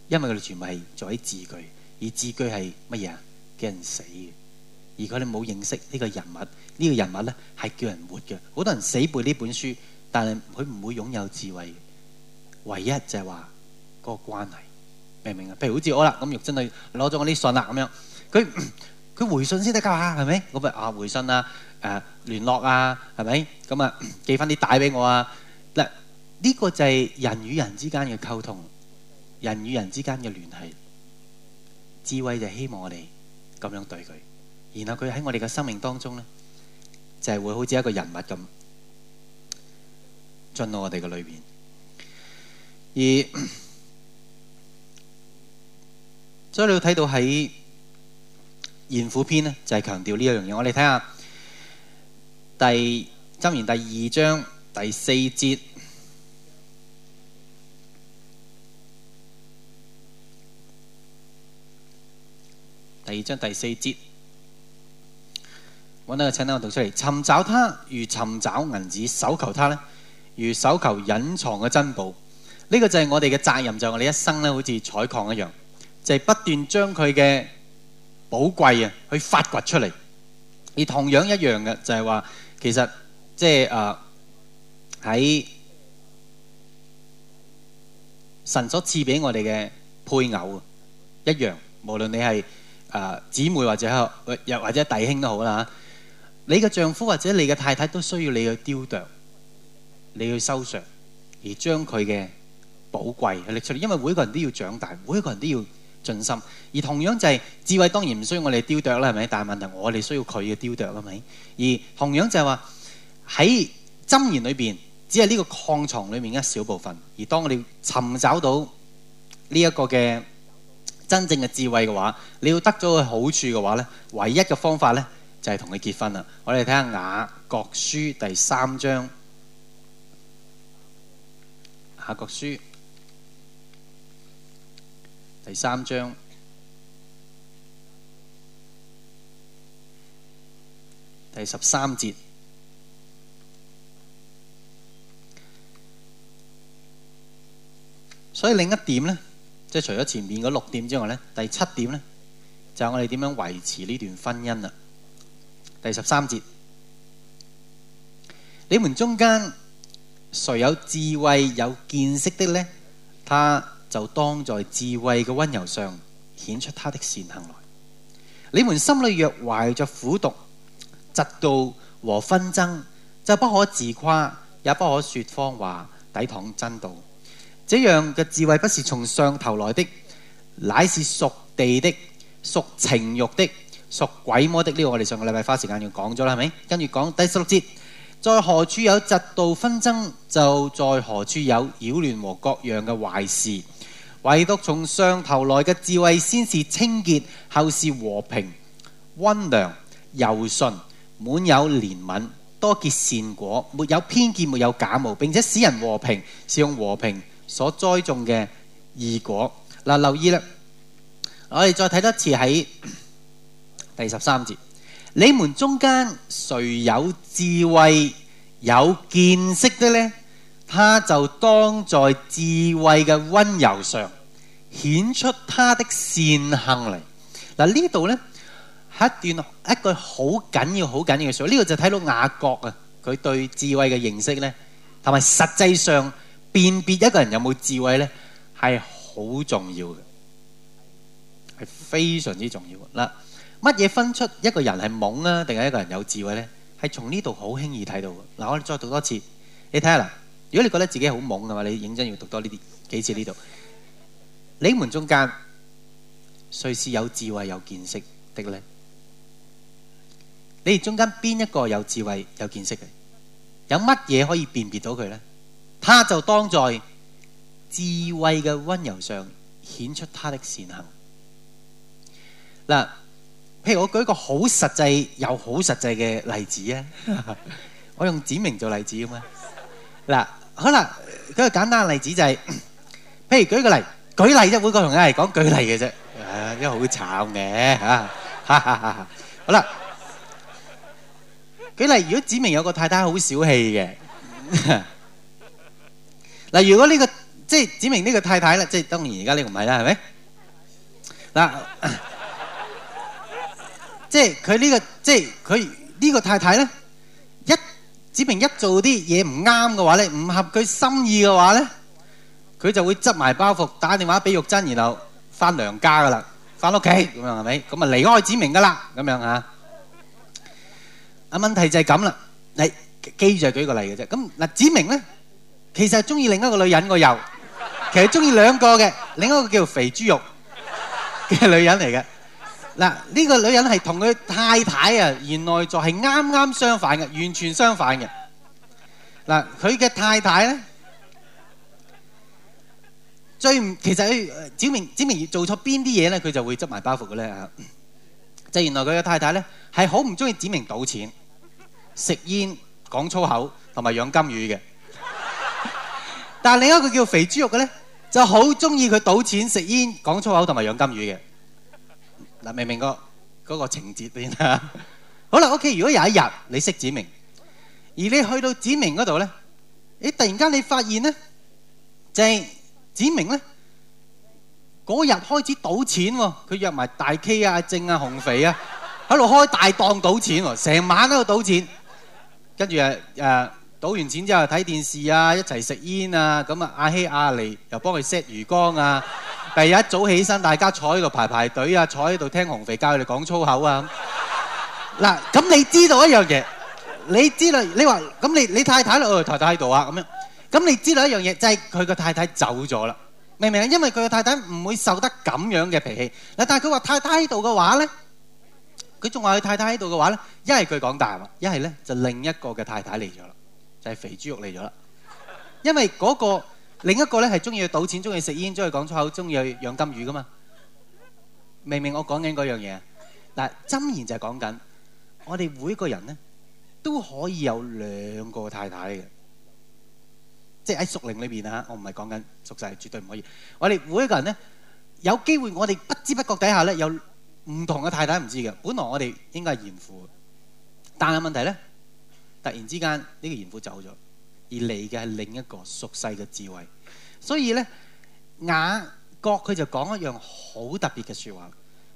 因為佢哋全部係做喺字句，而字句係乜嘢啊？叫人死嘅。而佢哋冇認識呢個人物，呢、這個人物咧係叫人活嘅。好多人死背呢本書，但係佢唔會擁有智慧。唯一就係話嗰個關係明唔明啊？譬如好似我啦，咁若真係攞咗我啲信啦咁樣，佢佢回信先得㗎嘛，係咪？咁啊啊回信啦，誒聯絡啊，係咪？咁啊寄翻啲帶俾我啊！嗱，呢個就係人與人之間嘅溝通，人與人之間嘅聯繫。智慧就希望我哋咁樣對佢，然後佢喺我哋嘅生命當中咧，就係會好似一個人物咁進到我哋嘅裏邊。所以，你睇到喺《賢府篇》呢，就係、是、強調呢一樣嘢。我哋睇下第《箴言》第二章第四節，第二章第四節，揾到個餐單，我讀出嚟。尋找他，如尋找銀子，搜求他咧，如搜求隱藏嘅珍寶。呢、這個就係我哋嘅責任，就係、是、我哋一生咧，好似採礦一樣，就係、是、不斷將佢嘅寶貴去發掘出嚟。而同樣一樣嘅就係、是、話，其實即係啊，喺、就是呃、神所賜俾我哋嘅配偶一樣，無論你係啊姊妹或者又或者弟兄都好啦，你嘅丈夫或者你嘅太太都需要你去雕琢，你去修飾，而將佢嘅寶貴嘅力出嚟，因為每個人都要長大，每個人都要盡心。而同樣就係、是、智慧，當然唔需要我哋雕琢啦，係咪？但係問題，我哋需要佢嘅雕琢啦，係咪？而同樣就係話喺箴言裏邊，只係呢個礦床裏面一小部分。而當我哋尋找到呢一個嘅真正嘅智慧嘅話，你要得咗佢好處嘅話呢，唯一嘅方法呢，就係同佢結婚啦。我哋睇下雅各書第三章，雅各書。第三章，第十三節。所以另一點呢，即係除咗前面嗰六點之外呢，第七點呢，就係我哋點樣維持呢段婚姻啦。第十三節，你們中間誰有智慧、有見識的呢？他。就當在智慧嘅溫柔上顯出他的善行來。你們心裏若懷着苦毒、嫉妒和紛爭，就不可自誇，也不可說謊話，抵擋真道。這樣嘅智慧不是從上頭來的，乃是屬地的、屬情欲的、屬鬼魔的。呢、這個我哋上個禮拜花時間要講咗啦，係咪？跟住講第十六節，在何處有嫉妒紛爭，就在何處有擾亂和各樣嘅壞事。唯獨從上頭來嘅智慧，先是清潔，後是和平、温良、柔順，滿有憐憫，多結善果，沒有偏見，沒有假冒，並且使人和平，是用和平所栽種嘅義果。嗱，留意啦，我哋再睇多次喺第十三節，你們中間誰有智慧、有見識的呢？他就當在智慧嘅温柔上顯出他的善行嚟。嗱，呢度咧係一段一句好緊要、好緊要嘅說話。所以呢度就睇到雅各啊，佢對智慧嘅認識咧，同埋實際上辨別一個人有冇智慧咧，係好重要嘅，係非常之重要嗱。乜嘢分出一個人係懵啊，定係一個人有智慧咧？係從呢度好輕易睇到嘅嗱。我哋再讀多次，你睇下啦。如果你覺得自己好懵嘅話，你認真要讀多呢啲幾次呢度。你們中間，誰是有智慧有見識的呢？你哋中間邊一個有智慧有見識嘅？有乜嘢可以辨別到佢呢？他就當在智慧嘅温柔上顯出他的善行。嗱，譬如我舉一個好實際又好實際嘅例子啊，我用指明做例子嘅嘛。嗱。好啦，舉個簡單例子就係，譬如舉個例，舉例啫，每個同學嚟講舉例嘅啫，因為好慘嘅嚇，好啦，舉例如果指明有個太太好小氣嘅，嗱，如果呢個即係指明呢個太太咧，即係當然而家呢個唔係啦，係咪？嗱，即係佢呢個即係佢呢個太太咧，一。子明一做啲嘢唔啱嘅話咧，唔合佢心意嘅話咧，佢就會執埋包袱，打電話俾玉珍，然後翻娘家噶啦，翻屋企咁樣係咪？咁啊離開子明噶啦，咁樣啊。啊問題就係咁啦，你基就舉個例嘅啫。咁嗱，子明咧，其實中意另一個女人個又，其實中意兩個嘅，另一個叫做肥豬肉嘅女人嚟嘅。嗱，呢個女人係同佢太太啊，原來就係啱啱相反嘅，完全相反嘅。嗱，佢嘅太太咧，最唔，其實佢指明指明做錯邊啲嘢咧，佢就會執埋包袱嘅咧嚇。即係原來佢嘅太太咧，係好唔中意指明賭錢、食煙、講粗口同埋養金魚嘅。但係另一個叫肥豬肉嘅咧，就好中意佢賭錢、食煙、講粗口同埋養金魚嘅。嗱，明唔明個嗰個情節先啊？好啦，OK，如果有一日你識子明，而你去到子明嗰度咧，你突然間你發現咧，就係子明咧，嗰日開始賭錢喎，佢約埋大 K 啊、阿正啊、紅肥啊，喺度開大檔賭錢喎，成晚喺度賭錢，跟住誒誒賭完錢之後睇電視啊，一齊食煙啊，咁啊，阿希阿妮又幫佢 set 魚缸啊。第日一早起身，大家坐喺度排排隊啊，坐喺度聽紅肥教佢哋講粗口啊。嗱，咁你知道一樣嘢，你知道你話咁你你太太咧，哦太太喺度啊咁樣，咁你知道一樣嘢就係佢個太太走咗啦，明唔明啊？因為佢個太太唔會受得咁樣嘅脾氣。嗱，但係佢話太太喺度嘅話咧，佢仲話佢太太喺度嘅話咧，一係佢講大話，一係咧就另一個嘅太太嚟咗啦，就係肥豬肉嚟咗啦，因為嗰個。另一個咧係中意賭錢，中意食煙，中意講粗口，中意養金魚噶嘛？明明我講緊嗰樣嘢。嗱，箴言就係講緊，我哋每一個人咧都可以有兩個太太嘅，即係喺屬靈裏邊啊，我唔係講緊屬世，絕對唔可以。我哋每一個人咧有機會，我哋不知不覺底下咧有唔同嘅太太唔知嘅，本來我哋應該係賢婦，但係問題咧突然之間呢個賢婦走咗。而你嘅係另一個俗世嘅智慧，所以咧雅各佢就講一樣好特別嘅說話，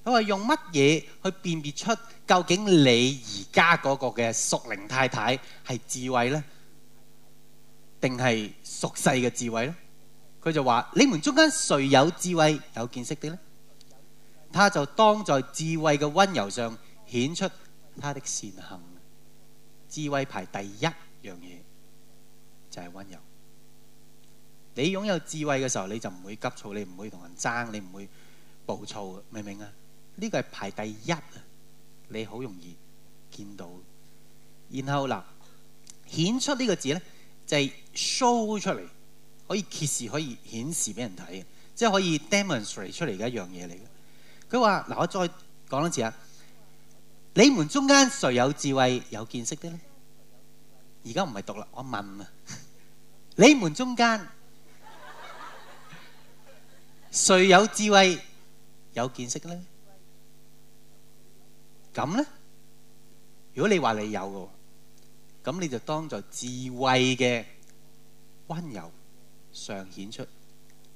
佢話用乜嘢去辨別出究竟你而家嗰個嘅屬靈太太係智慧咧，定係俗世嘅智慧咧？佢就話你們中間誰有智慧、有見識啲咧？他就當在智慧嘅溫柔上顯出他的善行，智慧排第一樣嘢。就係、是、溫柔。你擁有智慧嘅時候，你就唔會急躁，你唔會同人爭，你唔會暴躁，明唔明啊？呢、這個係排第一啊！你好容易見到。然後嗱，顯出呢個字咧，就係、是、show 出嚟，可以揭示、可以顯示俾人睇嘅，即、就、係、是、可以 demonstrate 出嚟嘅一樣嘢嚟嘅。佢話：嗱，我再講多次啊！你們中間誰有智慧、有見識的咧？而家唔係讀啦，我問啊！你們中間誰有智慧、有見識咧？咁咧，如果你話你有嘅，咁你就當做智慧嘅温柔上顯出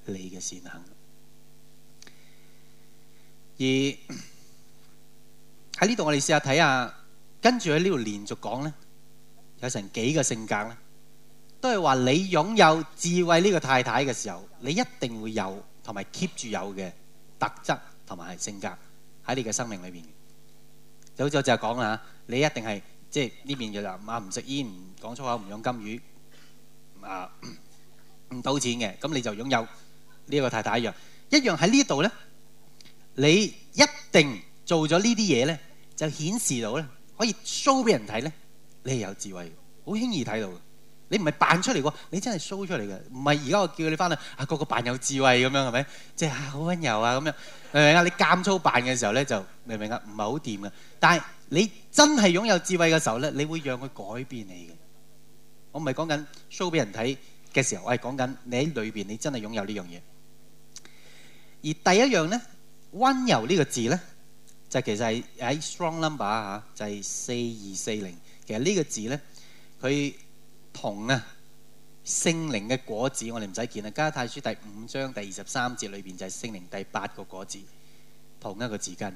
你嘅善行。而喺呢度我哋試下睇下，跟住喺呢度連續講咧，有成幾個性格咧？都係話，你擁有智慧呢個太太嘅時候，你一定會有同埋 keep 住有嘅特質同埋係性格喺你嘅生命裏邊。就好似我就講啦，你一定係即係呢邊嘅林啊，唔食煙，唔講粗口，唔用金魚啊，唔賭錢嘅，咁你就擁有呢個太太一樣一樣喺呢度咧。你一定做咗呢啲嘢咧，就顯示到咧，可以 show 俾人睇咧，你係有智慧，好輕易睇到嘅。你唔係扮出嚟嘅，你真係 show 出嚟嘅。唔係而家我叫你翻去，啊，個個扮有智慧咁樣係咪？即係好溫柔啊咁樣，明唔明啊？你間操扮嘅時候咧，就明唔明啊？唔係好掂嘅。但係你真係擁有智慧嘅時候咧，你會讓佢改變你嘅。我唔係講緊 show 俾人睇嘅時候，我係講緊你喺裏邊你真係擁有呢樣嘢。而第一樣咧，溫柔呢個字咧，就其實係喺 strong number 嚇，就係四二四零。其實呢個字咧，佢。同啊，聖靈嘅果子，我哋唔使見啦。加太書第五章第二十三節裏邊就係聖靈第八個果子，同一個字根。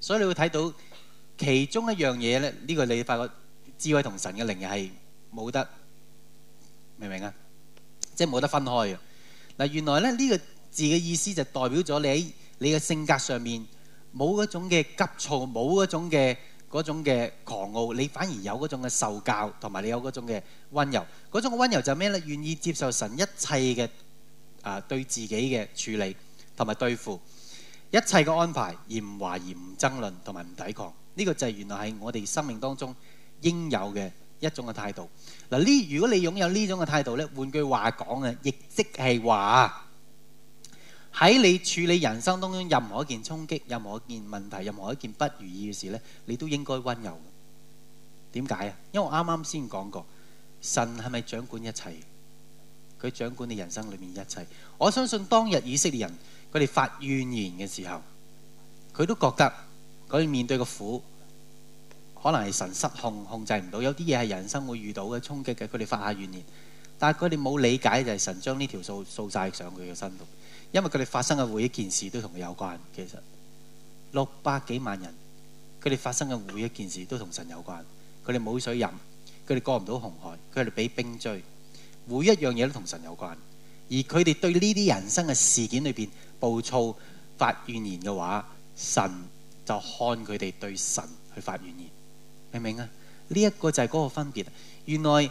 所以你會睇到其中一樣嘢咧，呢個你發覺智慧同神嘅靈係冇得，明唔明啊？即係冇得分開嘅。嗱，原來咧，呢個字嘅意思就代表咗你喺你嘅性格上面冇嗰種嘅急躁，冇嗰種嘅。嗰種嘅狂傲，你反而有嗰種嘅受教，同埋你有嗰種嘅温柔。嗰種嘅温柔就咩咧？願意接受神一切嘅啊，對自己嘅處理同埋對付一切嘅安排，而唔懷疑、唔爭論同埋唔抵抗。呢個就係原來係我哋生命當中應有嘅一種嘅態度。嗱，呢如果你擁有呢種嘅態度咧，換句話講啊，亦即係話。喺你處理人生當中任何一件衝擊、任何一件問題、任何一件不如意嘅事呢，你都應該温柔。點解啊？因為我啱啱先講過，神係咪掌管一切？佢掌管你人生裏面一切。我相信當日以色列人佢哋發怨言嘅時候，佢都覺得佢面對個苦可能係神失控，控制唔到，有啲嘢係人生會遇到嘅衝擊嘅，佢哋發下怨言，但係佢哋冇理解就係、是、神將呢條數數晒上佢嘅身度。因為佢哋發生嘅每一件事都同佢有關，其實六百幾萬人，佢哋發生嘅每一件事都同神有關。佢哋冇水飲，佢哋過唔到紅海，佢哋俾兵追，每一樣嘢都同神有關。而佢哋對呢啲人生嘅事件裏邊暴躁發怨言嘅話，神就看佢哋對神去發怨言。明唔明啊？呢一個就係嗰個分別。原來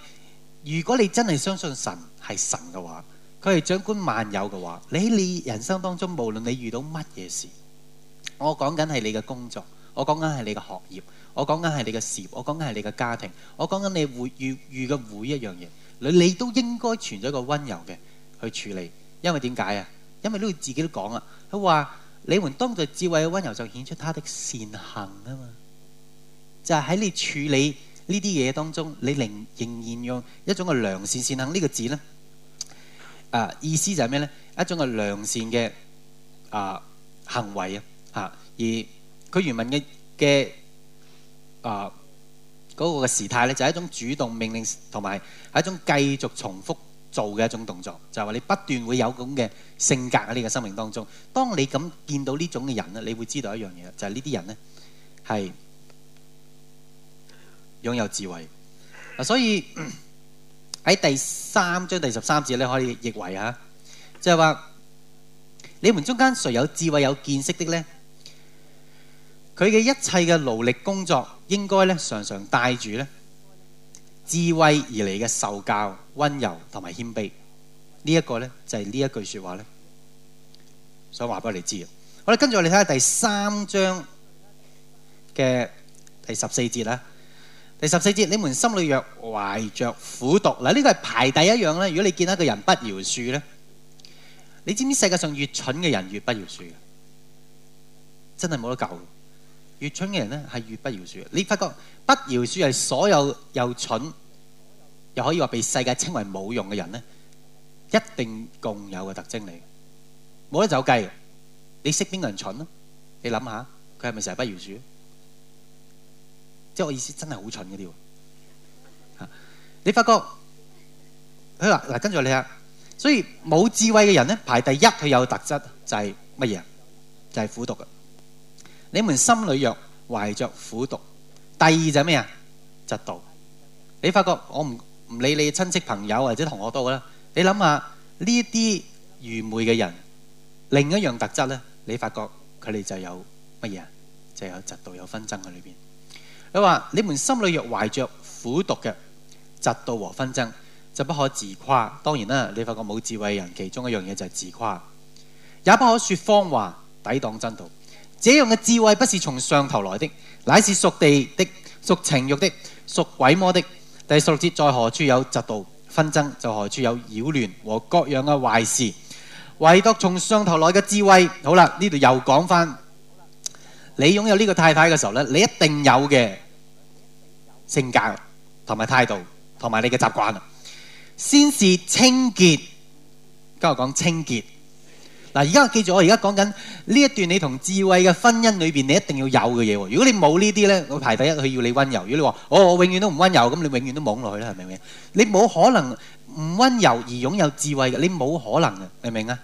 如果你真係相信神係神嘅話，佢係掌管萬有嘅話，你喺你人生當中，無論你遇到乜嘢事，我講緊係你嘅工作，我講緊係你嘅學業，我講緊係你嘅事業，我講緊係你嘅家庭，我講緊你會遇遇嘅每一樣嘢，你你都應該存在個温柔嘅去處理，因為點解啊？因為呢度自己都講啦，佢話你們當著智慧嘅温柔，就顯出他的善行啊嘛，就係喺你處理呢啲嘢當中，你仍仍然用一種嘅良善善行呢個字呢。啊、意思就係咩呢？一種嘅良善嘅啊行為啊，嚇！而佢原文嘅嘅啊嗰、嗰個嘅時態呢，就係、係、一種主動命令，同埋係一種繼續重複做嘅一種動作。就係、係、話你不斷會有咁嘅性格喺你嘅生命當中。當你咁見到呢種嘅人咧，你會知道一樣嘢，就係呢啲人呢係擁有智慧。所以。喺第三章第十三節咧，可以譯為吓，就係話你們中間誰有智慧有見識的咧？佢嘅一切嘅勞力工作，應該咧常常帶住咧智慧而嚟嘅受教溫柔同埋謙卑，呢一個咧就係呢一句說話咧，想話俾你知。好啦，跟住我哋睇下第三章嘅第十四節啦。第十四節，你們心裏若懷着苦毒，嗱，呢個係排第一樣咧。如果你見到一個人不饒恕咧，你知唔知世界上越蠢嘅人越不饒恕嘅？真係冇得救。越蠢嘅人咧係越不饒恕。你發覺不饒恕係所有又蠢又可以話被世界稱為冇用嘅人咧，一定共有嘅特徵嚟。冇得走計嘅。你識邊個人蠢啊？你諗下，佢係咪成日不饒恕？即係我意思，真係好蠢嗰啲喎。你發覺佢話嗱，跟住你啊，所以冇智慧嘅人咧，排第一佢有特質就係乜嘢？就係苦毒嘅。你們心裏若懷着苦毒。第二就咩啊？嫉妒。你發覺我唔唔理你親戚朋友或者同學都好啦。你諗下呢一啲愚昧嘅人，另一樣特質咧，你發覺佢哋就有乜嘢啊？就有嫉妒，有紛爭喺裏邊。佢話：你們心裏若懷着苦毒嘅嫉妒和紛爭，就不可自誇。當然啦，你發覺冇智慧人，其中一樣嘢就係自誇，也不可說謊話抵擋真道。這樣嘅智慧不是從上頭來的，乃是屬地的、屬情欲的、屬鬼魔的。第十六節：在何處有嫉妒紛爭，就何處有擾亂和各樣嘅壞事。唯獨從上頭來嘅智慧，好啦，呢度又講翻，你擁有呢個態度嘅時候呢，你一定有嘅。性格同埋態度同埋你嘅習慣啊，先是清潔，今日講清潔。嗱，而家記住，我而家講緊呢一段你同智慧嘅婚姻裏邊，你一定要有嘅嘢。如果你冇呢啲咧，我排第一，佢要你溫柔。如果你話我、哦、我永遠都唔溫柔，咁你永遠都懵落去啦，係咪？你冇可能唔溫柔而擁有智慧嘅，你冇可能嘅，明唔明啊？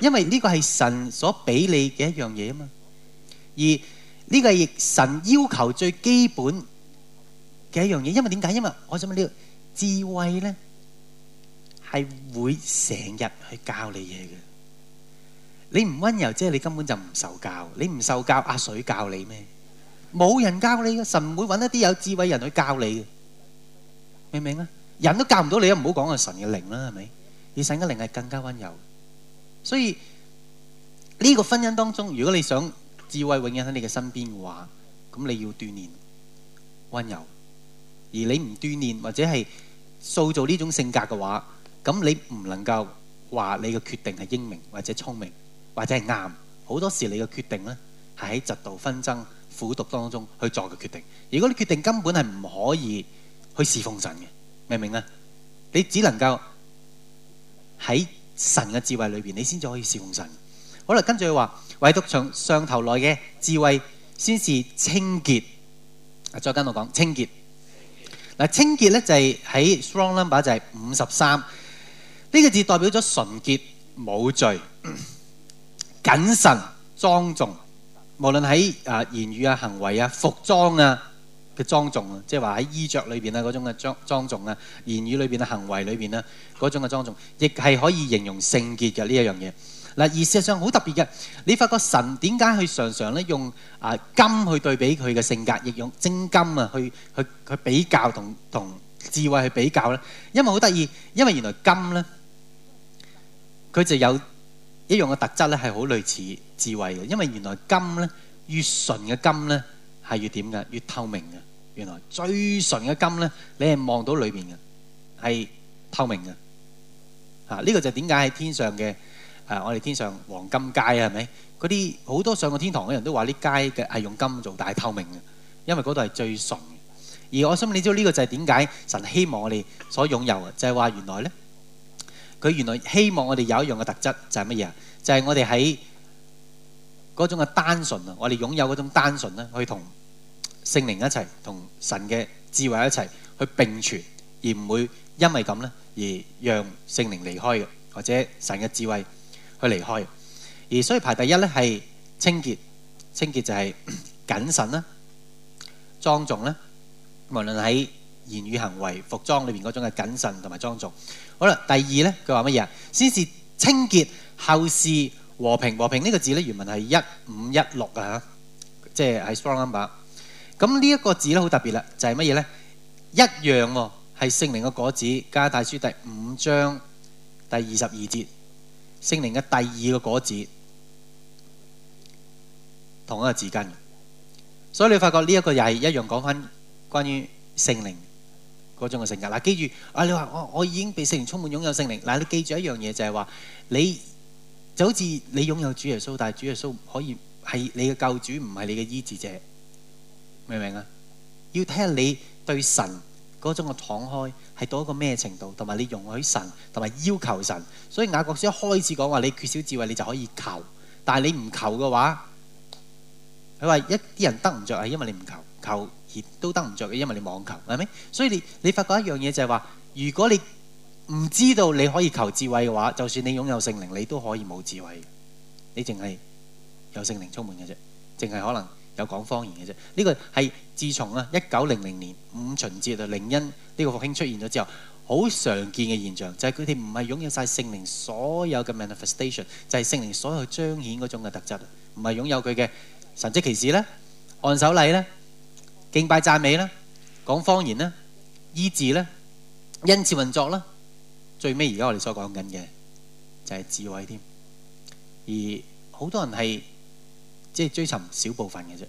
因為呢個係神所俾你嘅一樣嘢啊嘛。而呢個係神要求最基本。幾樣嘢，因為點解？因為我想問你，智慧咧係會成日去教你嘢嘅。你唔溫柔，即係你根本就唔受教。你唔受教，阿水教你咩？冇人教你嘅，神會揾一啲有智慧人去教你嘅，明唔明啊？人都教唔到你，唔好講係神嘅靈啦，係咪？而神嘅靈係更加溫柔。所以呢個婚姻當中，如果你想智慧永遠喺你嘅身邊嘅話，咁你要鍛煉溫柔。而你唔鍛煉或者係塑造呢種性格嘅話，咁你唔能夠話你嘅決定係英明或者聰明或者係啱。好多時你嘅決定呢，係喺嫉妒、紛爭、苦毒當中去做嘅決定。如果你決定根本係唔可以去侍奉神嘅，明唔明啊？你只能夠喺神嘅智慧裏邊，你先至可以侍奉神。好啦，跟住佢話唯獨從上頭來嘅智慧先是清潔啊，再跟我講清潔。嗱，清潔咧就係喺 strong number 就係五十三，呢個字代表咗純潔、冇罪、謹慎、莊重。無論喺啊言語啊、行為啊、服裝啊嘅莊重啊，即係話喺衣着裏邊啊嗰種嘅莊莊重啊，言語裏邊啊行為裏邊啊嗰種嘅莊重，亦係可以形容聖潔嘅呢一樣嘢。嗱，而事實上好特別嘅，你發覺神點解佢常常咧用啊金去對比佢嘅性格，亦用精金啊去去去比較同同智慧去比較咧？因為好得意，因為原來金咧，佢就有一樣嘅特質咧，係好類似智慧嘅。因為原來金咧，越純嘅金咧係越點嘅，越透明嘅。原來最純嘅金咧，你係望到裏邊嘅係透明嘅。嚇，呢個就點解喺天上嘅？係，我哋天上黃金街啊，係咪嗰啲好多上過天堂嘅人都話呢街嘅係用金做，大透明嘅，因為嗰度係最純。而我想你知道呢個就係點解神希望我哋所擁有嘅，就係話原來呢，佢原來希望我哋有一樣嘅特質就係乜嘢啊？就係我哋喺嗰種嘅單純啊，我哋擁有嗰種單純呢，去同聖靈一齊，同神嘅智慧一齊去並存，而唔會因為咁呢，而讓聖靈離開嘅，或者神嘅智慧。佢離開，而所以排第一咧係清潔，清潔就係、是、謹慎啦、莊重啦。無論喺言語行為、服裝裏面嗰種嘅謹慎同埋莊重。好啦，第二咧，佢話乜嘢啊？先是清潔，後是和平。和平呢個字咧，原文係一五一六啊，即係喺「Strong Number」，咁呢一個字咧好特別啦，就係乜嘢咧？一樣喎、啊，係聖靈嘅果子，加大書第五章第二十二節。聖靈嘅第二個果子，同一個字根，所以你發覺呢一個又係一樣講翻關於聖靈嗰種嘅性格。嗱，記住啊，你話我我已經被聖靈充滿，擁有聖靈。嗱，你記住一樣嘢就係話，你就好似你擁有主耶穌，但係主耶穌可以係你嘅救主，唔係你嘅醫治者，明唔明啊？要睇下你對神嗰種嘅敞開係到一個咩程度，同埋你容許神，同埋要求神。所以雅各書一開始講話，你缺少智慧，你就可以求。但係你唔求嘅話，佢話一啲人得唔着，係因為你唔求，求而都得唔着嘅，因為你妄求，係咪？所以你你發覺一樣嘢就係話，如果你唔知道你可以求智慧嘅話，就算你擁有聖靈，你都可以冇智慧。你淨係有聖靈充滿嘅啫，淨係可能。有講方言嘅啫，呢個係自從啊一九零零年五旬節啊靈恩呢個復興出現咗之後，好常見嘅現象就係佢哋唔係擁有曬聖靈所有嘅 manifestation，就係聖靈所有彰顯嗰種嘅特質，唔係擁有佢嘅神蹟奇事咧，按手禮咧，敬拜讚美咧，講方言咧，醫治咧，恩賜運作啦，最尾而家我哋所講緊嘅就係智慧添，而好多人係。即、就、係、是、即係追尋少部分嘅啫，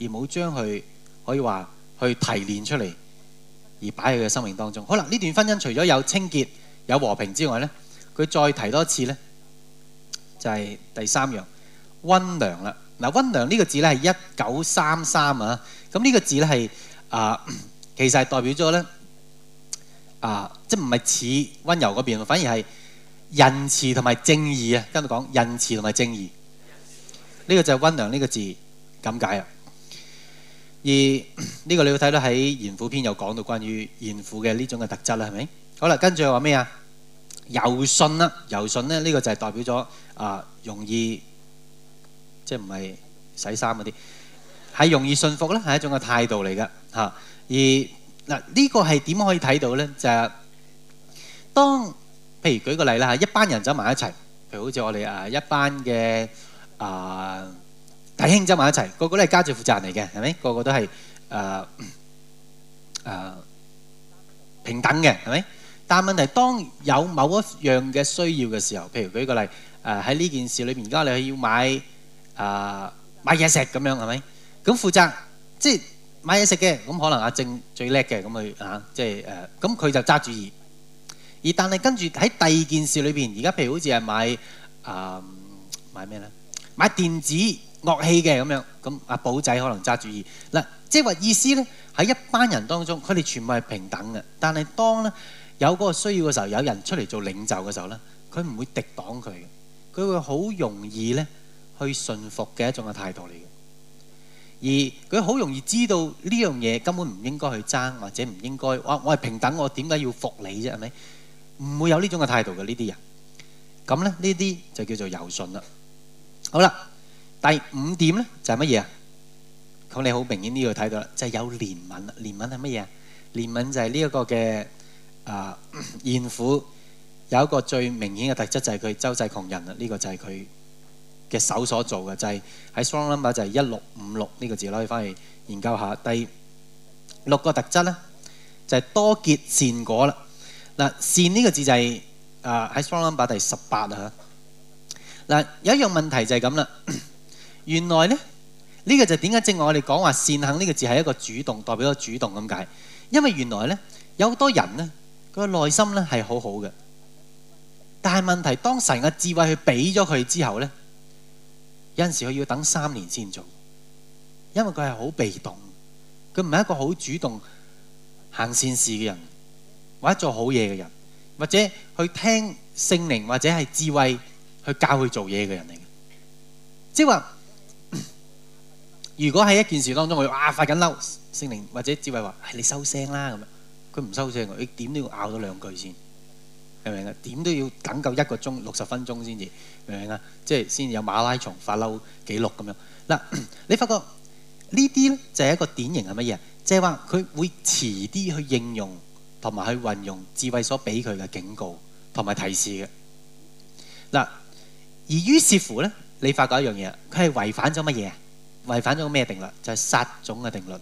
而冇將佢可以話去提煉出嚟，而擺喺佢嘅生命當中。好啦，呢段婚姻除咗有清潔、有和平之外咧，佢再提多一次咧，就係、是、第三樣，溫良啦。嗱，溫良呢個字咧係一九三三啊，咁呢個字咧係啊，其實係代表咗咧啊，即係唔係似溫柔嗰邊，反而係仁慈同埋正義啊！跟住講仁慈同埋正義。呢、這個就係溫良呢個字咁解啊！而呢、這個你要睇到喺賢婦篇又講到關於賢婦嘅呢種嘅特質啦，係咪？好啦，跟住話咩啊？柔順啦，柔順咧呢個就係代表咗啊，容易即係唔係洗衫嗰啲，係容易信服啦，係一種嘅態度嚟㗎吓。而嗱呢、這個係點可以睇到咧？就係、是、當譬如舉個例啦，一班人走埋一齊，譬如好似我哋啊一班嘅。啊、uh，弟兄走埋一齊，個個都係家主負責人嚟嘅，係咪？個個都係誒誒平等嘅，係咪？但問題當有某一樣嘅需要嘅時候，譬如舉個例誒，喺、uh, 呢件事裏面，而家你係要買誒、uh, 買嘢食咁樣，係咪？咁負責即係、就是、買嘢食嘅，咁可能阿正最叻嘅咁去嚇，即係誒咁佢就揸、是、主意、uh, 而但係跟住喺第二件事裏邊，而家譬如好似係買誒、uh, 買咩咧？買電子樂器嘅咁樣，咁阿寶仔可能揸主意嗱，即係話意思呢，喺一班人當中，佢哋全部係平等嘅。但係當呢，有嗰個需要嘅時候，有人出嚟做領袖嘅時候呢，佢唔會敵擋佢，佢會好容易呢去順服嘅一種嘅態度嚟嘅。而佢好容易知道呢樣嘢根本唔應該去爭，或者唔應該哇，我係平等，我點解要服你啫？係咪唔會有呢種嘅態度嘅呢啲人咁呢，呢啲就叫做柔順啦。好啦，第五點咧就係乜嘢啊？咁你好明顯呢度睇到啦，就係、是、有憐憫啦。憐憫係乜嘢啊？憐憫就係呢一個嘅啊，賢、呃、婦有一個最明顯嘅特質就係佢周濟窮人啦。呢、這個就係佢嘅手所做嘅，就係、是、喺 strong number 就係一六五六呢個字，你可以翻去研究下。第六個特質咧就係、是、多結善果啦。嗱，善呢個字就係啊喺 strong number 第十八啊。嗱，有一樣問題就係咁啦。原來咧，呢個就點解正我哋講話善行呢個字係一個主動，代表咗主動咁解。因為原來咧有好多人咧，佢個內心咧係好好嘅，但係問題當神嘅智慧去俾咗佢之後咧，有陣時佢要等三年先做，因為佢係好被動，佢唔係一個好主動行善事嘅人，或者做好嘢嘅人，或者去聽聖靈或者係智慧去教佢做嘢嘅人嚟嘅，即係話，如果喺一件事當中，我哇發緊嬲，聖靈或者智慧話：係、哎、你收聲啦咁樣，佢唔收聲嘅，佢點都要拗到兩句先，明唔明啊？點都要等夠一個鐘六十分鐘先至，明唔明啊？即係先有馬拉松發嬲記錄咁樣。嗱，你發覺呢啲咧就係一個典型係乜嘢？即係話佢會遲啲去應用同埋去運用智慧所俾佢嘅警告同埋提示嘅。嗱。而於是乎咧，你發覺一樣嘢，佢係違反咗乜嘢？違反咗咩定律？就係殺種嘅定律。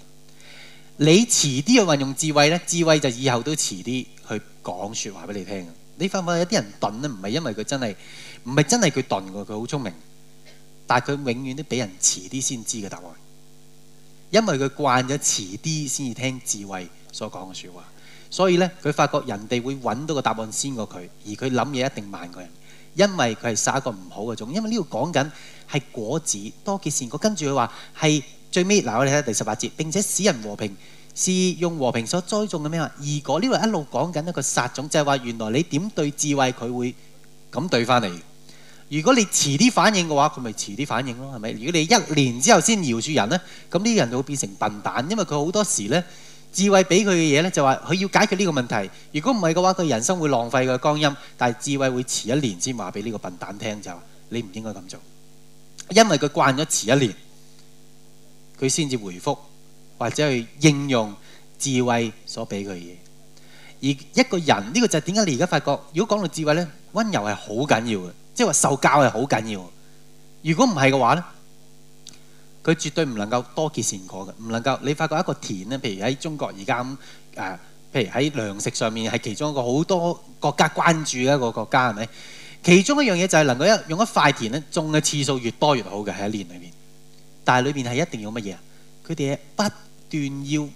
你遲啲去運用智慧咧，智慧就以後都遲啲去講説話俾你聽。你發覺有啲人鈍咧，唔係因為佢真係，唔係真係佢鈍過，佢好聰明，但係佢永遠都俾人遲啲先知嘅答案，因為佢慣咗遲啲先至聽智慧所講嘅説話，所以咧佢發覺人哋會揾到個答案先過佢，而佢諗嘢一定慢過人。因為佢係殺一個唔好嘅種，因為呢度講緊係果子多結善果，跟住佢話係最尾嗱，我哋睇下第十八節，並且使人和平，是用和平所栽種嘅咩話？如果呢個一路講緊一個殺種，就係話原來你點對智慧，佢會咁對翻你。如果你遲啲反應嘅話，佢咪遲啲反應咯，係咪？如果你一年之後先搖住人呢，咁呢啲人就會變成笨蛋，因為佢好多時呢。智慧俾佢嘅嘢咧，就話佢要解決呢個問題。如果唔係嘅話，佢人生會浪費佢嘅光陰。但係智慧會遲一年先話俾呢個笨蛋聽，就話你唔應該咁做，因為佢慣咗遲一年，佢先至回覆或者去應用智慧所俾佢嘅嘢。而一個人呢個就係點解你而家發覺，如果講到智慧咧，温柔係好緊要嘅，即係話受教係好緊要。如果唔係嘅話咧？佢絕對唔能夠多結善果嘅，唔能夠你發覺一個田咧，譬如喺中國而家咁，誒譬如喺糧食上面係其中一個好多國家關注嘅一個國家係咪？其中一樣嘢就係能夠一用一塊田咧，種嘅次數越多越好嘅，喺一年裏面，但係裏面係一定要乜嘢？佢哋係不斷要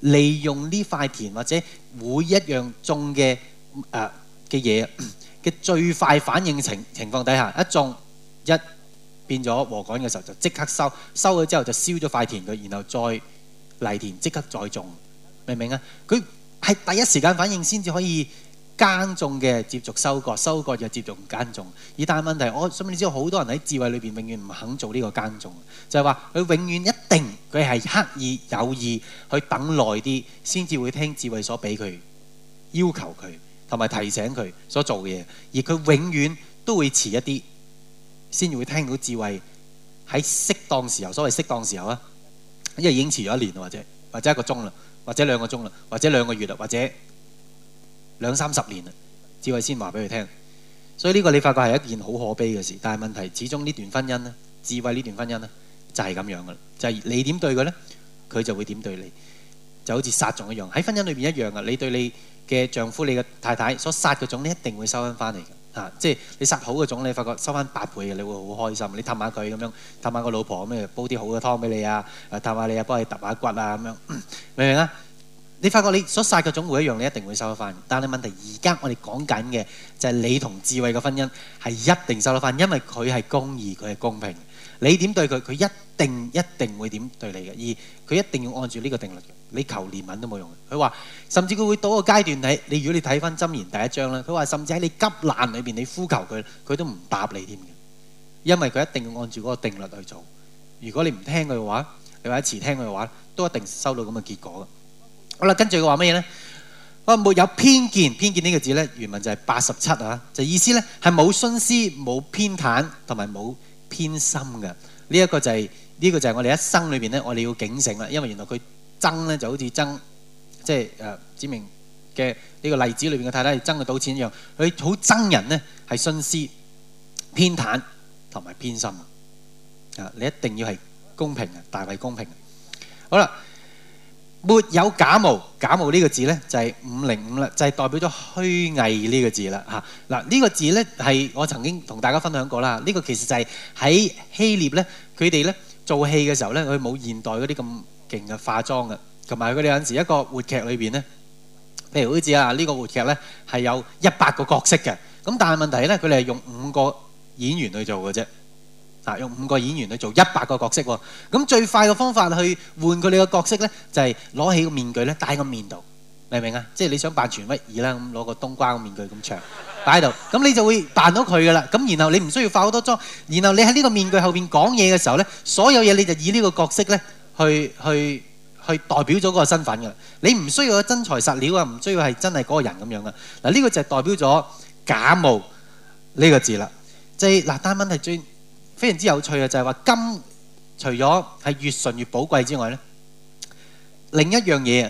利用呢塊田或者每一樣種嘅誒嘅嘢嘅最快反應情情況底下一種一，變咗禾杆嘅時候就即刻收，收咗之後就燒咗塊田佢，然後再犁田即刻再種，明唔明啊？佢係第一時間反應先至可以耕種嘅接續收割，收割又接續耕種。而但係問題，我想你知道好多人喺智慧裏邊永遠唔肯做呢個耕種，就係話佢永遠一定佢係刻意有意去等耐啲，先至會聽智慧所俾佢要求佢，同埋提醒佢所做嘅嘢，而佢永遠都會遲一啲。先會聽到智慧喺適當時候，所謂適當時候啊，因為已經遲咗一年或者或者一個鐘啦，或者兩個鐘啦，或者兩個月啦，或者兩三十年啦，智慧先話俾佢聽。所以呢個你發覺係一件好可悲嘅事，但係問題係始終呢段婚姻咧，智慧呢段婚姻咧就係咁樣噶啦，就係、是、你點對佢咧，佢就會點對你，就好似殺種一樣喺婚姻裏邊一樣噶，你對你嘅丈夫、你嘅太太所殺嘅種，你一定會收翻翻嚟嘅。即係你撒好個種，你發覺收翻八倍嘅，你會好開心。你氹下佢咁樣，氹下個老婆咁煲啲好嘅湯俾你啊！氹下你啊，幫你揼下骨啊咁樣，嗯、明唔明啊？你發覺你所撒個種會一樣，你一定會收得翻。但係問題而家我哋講緊嘅就係、是、你同智慧嘅婚姻係一定收得翻，因為佢係公義，佢係公平。你點對佢，佢一定一定會點對你嘅。而佢一定要按住呢個定律嘅。你求憐憫都冇用嘅。佢話，甚至佢會到一個階段，你你如果你睇翻《箴言》第一章咧，佢話甚至喺你急難裏邊，你呼求佢，佢都唔答你添嘅。因為佢一定要按住嗰個定律去做。如果你唔聽佢嘅話，你或者遲聽佢嘅話，都一定收到咁嘅結果嘅。好啦，跟住佢話乜嘢咧？話沒有偏見，偏見呢個字咧，原文就係八十七啊，就意思咧係冇徇私、冇偏袒同埋冇。偏心嘅呢一個就係呢個就係我哋一生裏邊咧，我哋要警醒啦。因為原來佢憎咧就好似憎，即係誒子明嘅呢個例子裏邊嘅太太係憎嘅賭錢一樣，佢好憎人咧，係徇私、偏袒同埋偏心啊！你一定要係公平嘅，大為公平好啦。沒有假模假模呢個字呢，就係五零五啦，就係代表咗虛偽呢個字啦嚇。嗱，呢個字呢係我曾經同大家分享過啦。呢個其實就係喺希臘呢，佢哋呢做戲嘅時候呢，佢冇現代嗰啲咁勁嘅化妝嘅，同埋佢哋有陣時一個活劇裏邊呢，譬如好似啊呢個活劇呢係有一百個角色嘅，咁但係問題呢佢哋係用五個演員去做嘅啫。用五個演員去做一百個角色喎。咁最快嘅方法去換佢哋嘅角色呢，就係攞起個面具呢，戴個面度，明唔明啊？即係你想扮全屈爾啦，咁攞個冬瓜個面具咁長戴喺度，咁你就會扮到佢噶啦。咁然後你唔需要化好多妝，然後你喺呢個面具後邊講嘢嘅時候呢，所有嘢你就以呢個角色呢去去去代表咗嗰個身份噶。你唔需要真材實料啊，唔需要係真係嗰個人咁樣啊。嗱，呢個就代表咗假冒呢個字啦。即係嗱，單單係非常之有趣嘅，就係話金，除咗係越純越寶貴之外咧，另一樣嘢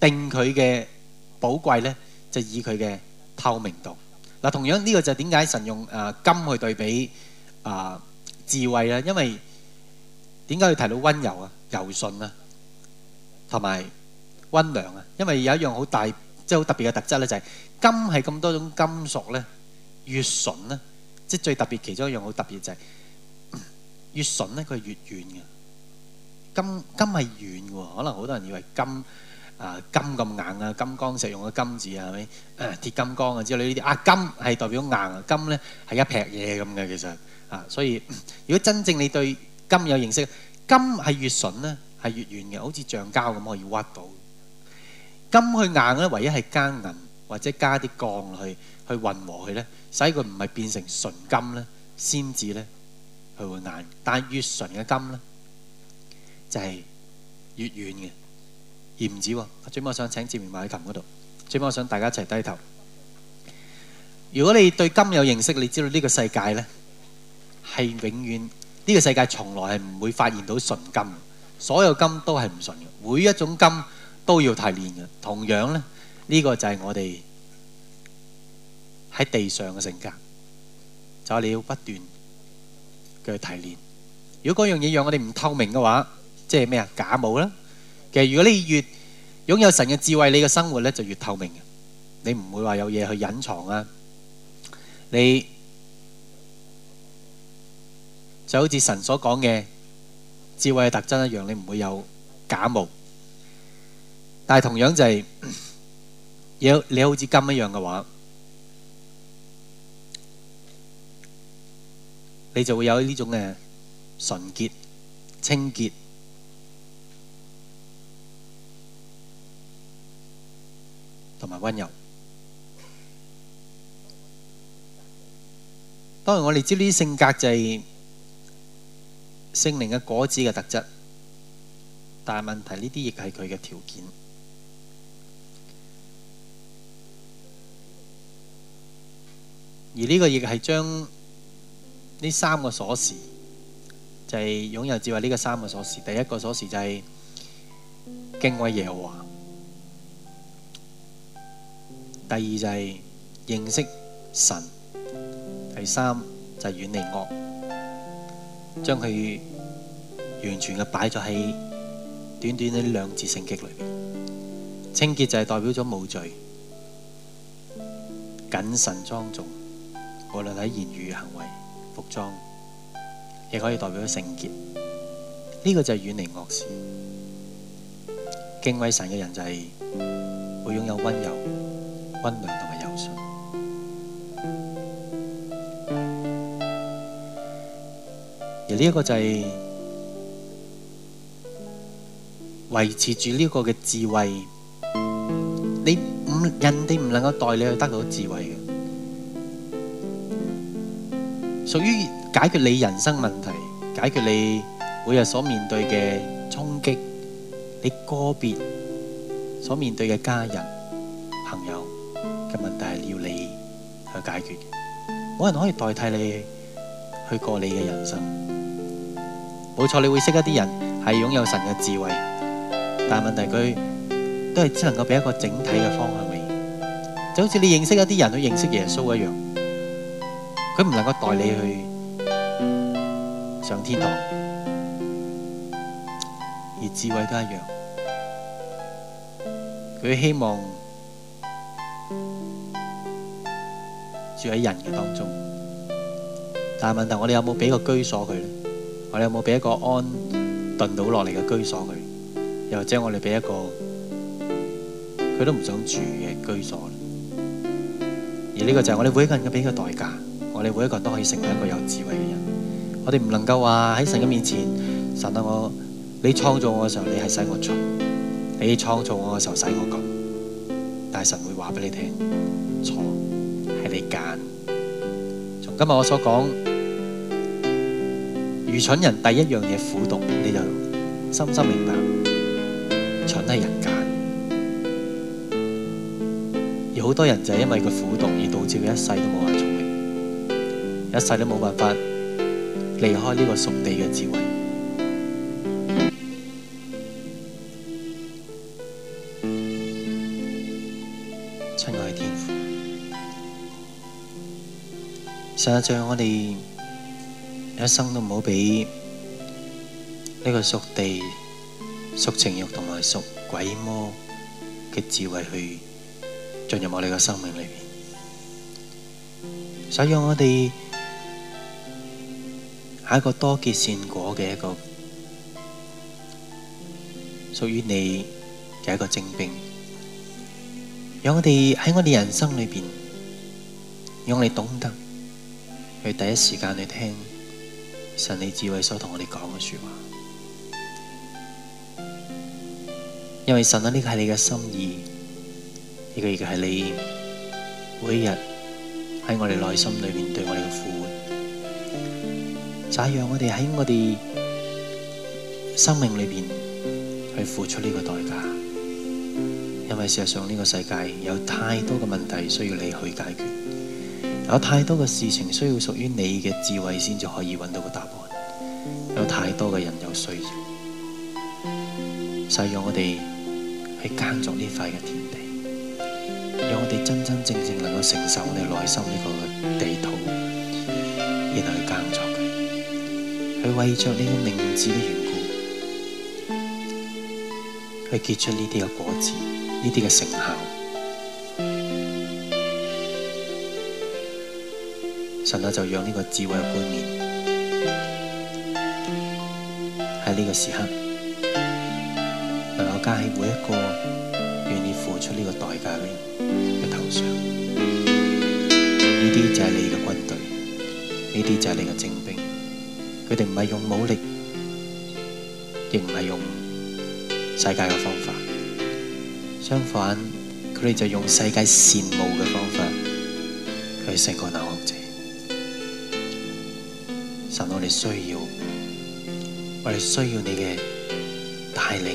定佢嘅寶貴咧，就以佢嘅透明度。嗱，同樣呢個就係點解神用誒金去對比誒智慧咧？因為點解要提到溫柔啊、柔順啊、同埋溫良啊？因為有一樣好大，即係好特別嘅特質咧，就係金係咁多種金屬咧，越純咧。即最特別，其中一樣好特別，就係越純咧，佢係越軟嘅。金，金係軟嘅喎，可能好多人以為金啊，金咁硬啊，金剛石用嘅金字啊，係咪？誒，鐵金剛啊之類呢啲啊，金係代表硬啊，金咧係一劈嘢咁嘅。其實啊，所以如果真正你對金有認識，金係越純咧係越軟嘅，好似橡膠咁可以屈到。金去硬咧，唯一係加銀或者加啲鋼落去去混和佢咧，使佢唔係變成純金咧，先至咧，佢會硬。但係越純嘅金咧，就係越軟嘅，而唔止。最尾我想請志明埋喺琴嗰度，最尾我想大家一齊低頭。如果你對金有認識，你知道呢個世界咧係永遠，呢個世界從來係唔會發現到純金，所有金都係唔純嘅，每一種金都要提煉嘅。同樣咧，呢個就係我哋。喺地上嘅性格，就話你要不斷嘅去提煉。如果嗰樣嘢讓我哋唔透明嘅話，即係咩啊？假冒啦。其實如果你越擁有神嘅智慧，你嘅生活咧就越透明嘅。你唔會話有嘢去隱藏啊。你就好似神所講嘅智慧嘅特徵一樣，你唔會有假冒。但係同樣就係、是，有你好似金一樣嘅話。你就會有呢種嘅純潔、清潔同埋溫柔。當然，我哋知呢啲性格就係聖靈嘅果子嘅特質，但係問題呢啲亦係佢嘅條件，而呢個亦係將。呢三個鎖匙就係、是、擁有智慧呢個三個鎖匙。第一個鎖匙就係、是、敬畏耶和華，第二就係、是、認識神，第三就係遠離惡，將佢完全嘅擺咗喺短短呢兩字聖經裏面。清潔就係代表咗冇罪，謹慎莊重，無論喺言語行為。服裝亦可以代表咗聖潔，呢、這個就係遠離惡事。敬畏神嘅人就係會擁有溫柔、溫良同埋柔順。而呢一個就係、是、維持住呢個嘅智慧。你唔人哋唔能夠代你去得到智慧嘅。屬於解決你人生問題，解決你每日所面對嘅衝擊，你個別所面對嘅家人、朋友嘅問題係要你去解決，冇人可以代替你去過你嘅人生。冇錯，你會識一啲人係擁有神嘅智慧，但問題佢都係只能夠俾一個整體嘅方向你，就好似你認識一啲人去認識耶穌一樣。佢唔能夠代你去上天堂，而智慧都一樣。佢希望住喺人嘅當中，但係問題我哋有冇俾個居所佢咧？我哋有冇俾一個安頓到落嚟嘅居所佢？又或者我哋俾一個佢都唔想住嘅居所？而呢個就係我哋每一個人嘅俾嘅代價。我哋每一個人都可以成為一個有智慧嘅人。我哋唔能夠話喺神嘅面前，神啊，我，你創造我嘅時候，你係使我蠢；你創造我嘅時候使我噉。但係神會話俾你聽，錯，係你揀。從今日我所講，愚蠢人第一樣嘢苦毒，你就深深明白，蠢係人揀。而好多人就係因為佢苦毒，而導致佢一世都冇。一世都冇辦法離開呢個屬地嘅智慧，親愛嘅天父，實際，我哋一生都唔好俾呢個屬地、屬情慾同埋屬鬼魔嘅智慧去進入我哋嘅生命裏邊，所以我哋。係一個多結善果嘅一個屬於你嘅一個精兵，讓我哋喺我哋人生裏邊，讓我哋懂得去第一時間去聽神嘅智慧所同我哋講嘅說話，因為神啊，呢個係你嘅心意，呢個亦係你每一日喺我哋內心裡面對我哋嘅呼喚。就讓我哋喺我哋生命裏邊去付出呢個代價，因為事實上呢個世界有太多嘅問題需要你去解決，有太多嘅事情需要屬於你嘅智慧先至可以揾到個答案，有太多嘅人有需要，就讓我哋去耕作呢塊嘅田地，讓我哋真真正正能夠承受我哋內心呢個地土，去為著呢個名字嘅緣故，去結出呢啲嘅果子，呢啲嘅成效，神啊，就讓呢個智慧嘅冠冕喺呢個時刻能夠加喺每一個願意付出呢個代價嘅人嘅頭上。呢啲就係你嘅軍隊，呢啲就係你嘅政。佢哋唔係用武力，亦唔係用世界嘅方法，相反，佢哋就用世界羨慕嘅方法佢成個大學者。神，我哋需要，我哋需要你嘅帶領，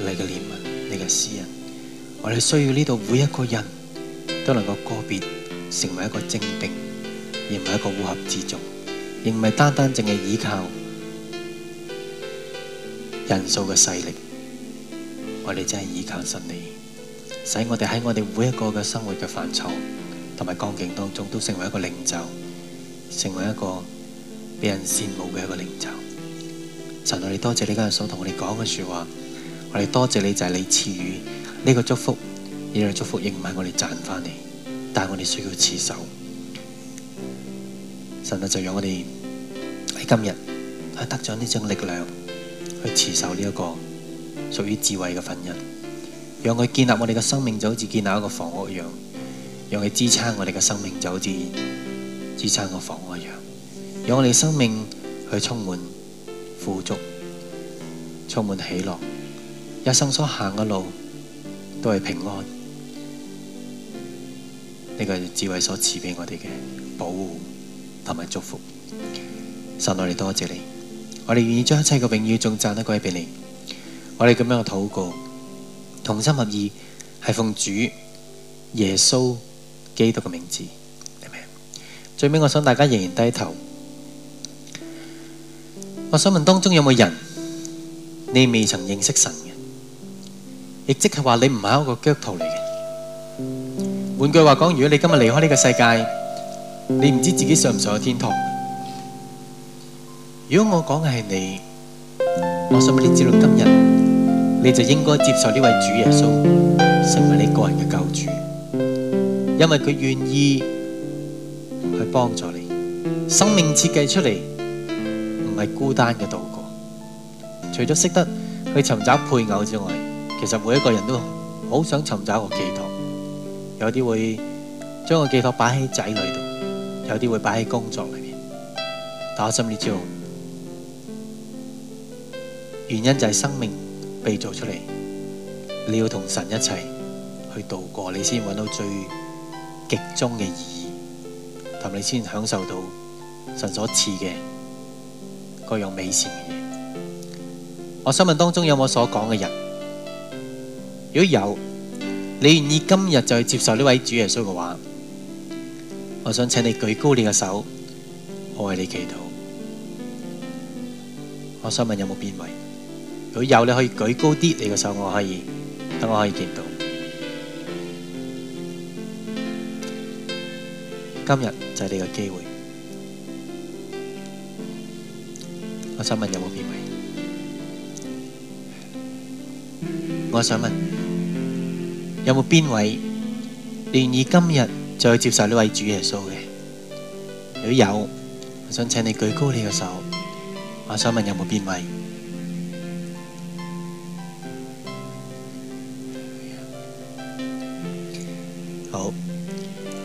你嘅憐憫，你嘅私人。我哋需要呢度每一個人都能夠個別成為一個精兵，而唔係一個烏合之眾。而唔係單單淨係依靠人數嘅勢力，我哋真係依靠神你，使我哋喺我哋每一個嘅生活嘅範疇同埋光景當中，都成為一個領袖，成為一個俾人羨慕嘅一個領袖。神啊，我哋多謝你今日所同我哋講嘅說話，我哋多謝你就係你賜予呢、這個祝福，呢、這個祝福亦唔係我哋賺翻嚟，但係我哋需要持守。神啊，就讓我哋。今日係得咗呢種力量，去持守呢一個屬於智慧嘅婚姻，讓佢建立我哋嘅生命，就好似建立一個房屋一樣，讓佢支撐我哋嘅生命，就好似支撐個房屋一樣，讓我哋生命去充滿富足，充滿喜樂，一生所行嘅路都係平安。呢個係智慧所賜俾我哋嘅保護同埋祝福。神愛你，我哋多謝你，我哋願意將一切嘅榮耀、仲讚都歸俾你。我哋咁樣嘅禱告，同心合意，係奉主耶穌基督嘅名字。最尾，我想大家仍然低頭。我想問當中有冇人，你未曾認識神嘅，亦即係話你唔係一個基督徒嚟嘅。換句話講，如果你今日離開呢個世界，你唔知自己上唔上去天堂。如果我講嘅係你，我想俾你知道今日，你就應該接受呢位主耶穌成為你個人嘅救主，因為佢願意去幫助你。生命設計出嚟唔係孤單嘅度過，除咗識得去尋找配偶之外，其實每一個人都好想尋找個寄託。有啲會將個寄託擺喺仔女度，有啲會擺喺工作裏面。但我心裏知道。原因就係生命被做出嚟，你要同神一齊去度過，你先搵到最極終嘅意義，同你先享受到神所賜嘅各樣美善嘅嘢。我想問當中有冇我所講嘅人，如果有你願意今日就去接受呢位主耶穌嘅話，我想請你舉高你嘅手，我為你祈禱。我想問有冇邊位？如果有，你可以舉高啲你個手，我可以等我可以見到。今日就係你個機會，我想問有冇邊位？我想問有冇邊位你願意今日再接受呢位主耶穌嘅？如果有，我想請你舉高你個手。我想問有冇邊位？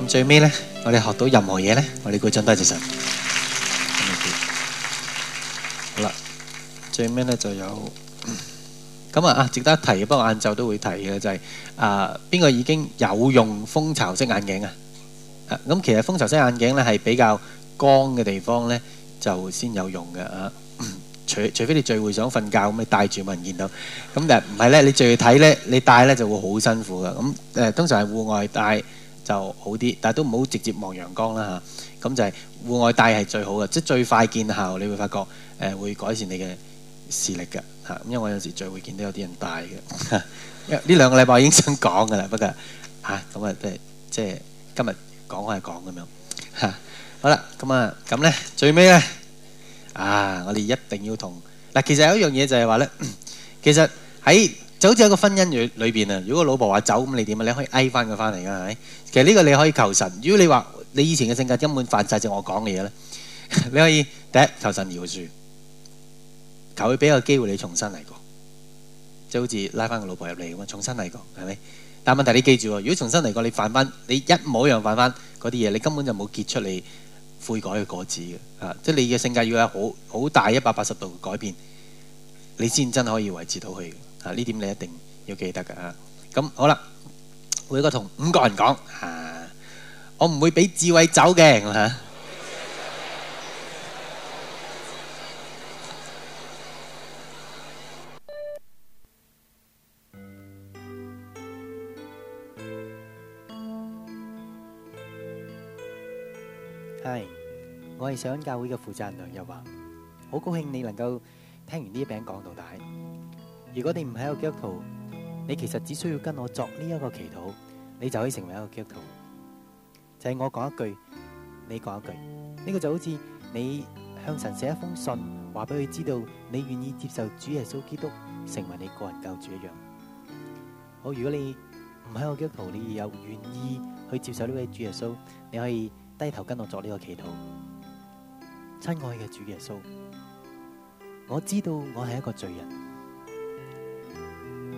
最尾咧，我哋學到任何嘢咧，我哋鼓掌多謝神。好啦，最尾咧就有咁啊！啊，值得一提，不過晏晝都會提嘅就係啊，邊個已經有用蜂巢式眼鏡啊？咁其實蜂巢式眼鏡咧係比較光嘅地方咧就先有用嘅啊。除除非你聚會想瞓覺咁，你戴住咪人見到。咁但唔係咧，你聚會睇咧，你戴咧就會好辛苦嘅。咁誒，通常係戶外戴。就好啲，但係都唔好直接望陽光啦嚇。咁就係戶外戴係最好嘅，即係最快見效。你會發覺誒會改善你嘅視力㗎嚇。因為我有時聚會見到有啲人戴嘅，因為呢兩個禮拜已經想講㗎啦，不過嚇咁啊，即係即係今日講係講咁樣嚇。好啦，咁啊咁咧最尾咧啊，我哋一定要同嗱，其實有一樣嘢就係話咧，其實喺。就好似一個婚姻裏裏邊啊，如果個老婆話走咁，你點啊？你可以挨翻佢翻嚟噶，係咪？其實呢個你可以求神。如果你話你以前嘅性格根本犯晒咗我講嘅嘢咧，你可以第一求神饒恕，求佢俾個機會你重新嚟過，即係好似拉翻個老婆入嚟咁啊，重新嚟過係咪？但問題是你記住喎，如果重新嚟過，你犯翻你一模一樣犯翻嗰啲嘢，你根本就冇結出你悔改嘅果子嘅啊！即係你嘅性格要有好好大一百八十度嘅改變，你先真係可以維持到佢。啊！呢點你一定要記得㗎吓。咁好啦，每個同五個人講。啊，我唔會俾智慧走嘅嚇。係，我係上教會嘅負責人梁日華。好高興你能夠聽完呢餅講到大。如果你唔喺個基督徒，你其實只需要跟我作呢一個祈禱，你就可以成為一個基督徒。就係、是、我講一句，你講一句，呢、這個就好似你向神寫一封信，話俾佢知道你願意接受主耶穌基督成為你個人救主一樣。好，如果你唔喺個基督徒，你有願意去接受呢位主耶穌，你可以低頭跟我作呢個祈禱。親愛嘅主耶穌，我知道我係一個罪人。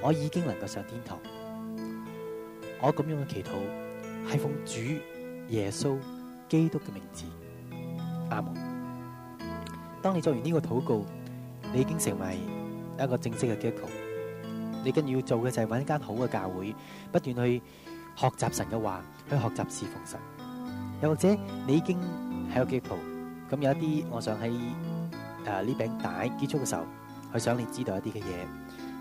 我已經能夠上天堂。我咁樣嘅祈禱係奉主耶穌基督嘅名字，阿門。當你做完呢個禱告，你已經成為一個正式嘅基督徒。你跟住要做嘅就係揾一間好嘅教會，不斷去學習神嘅話，去學習侍奉神。又或者你已經喺個基督徒，咁有一啲，我想喺誒呢餅帶結束嘅時候，去想你知道一啲嘅嘢。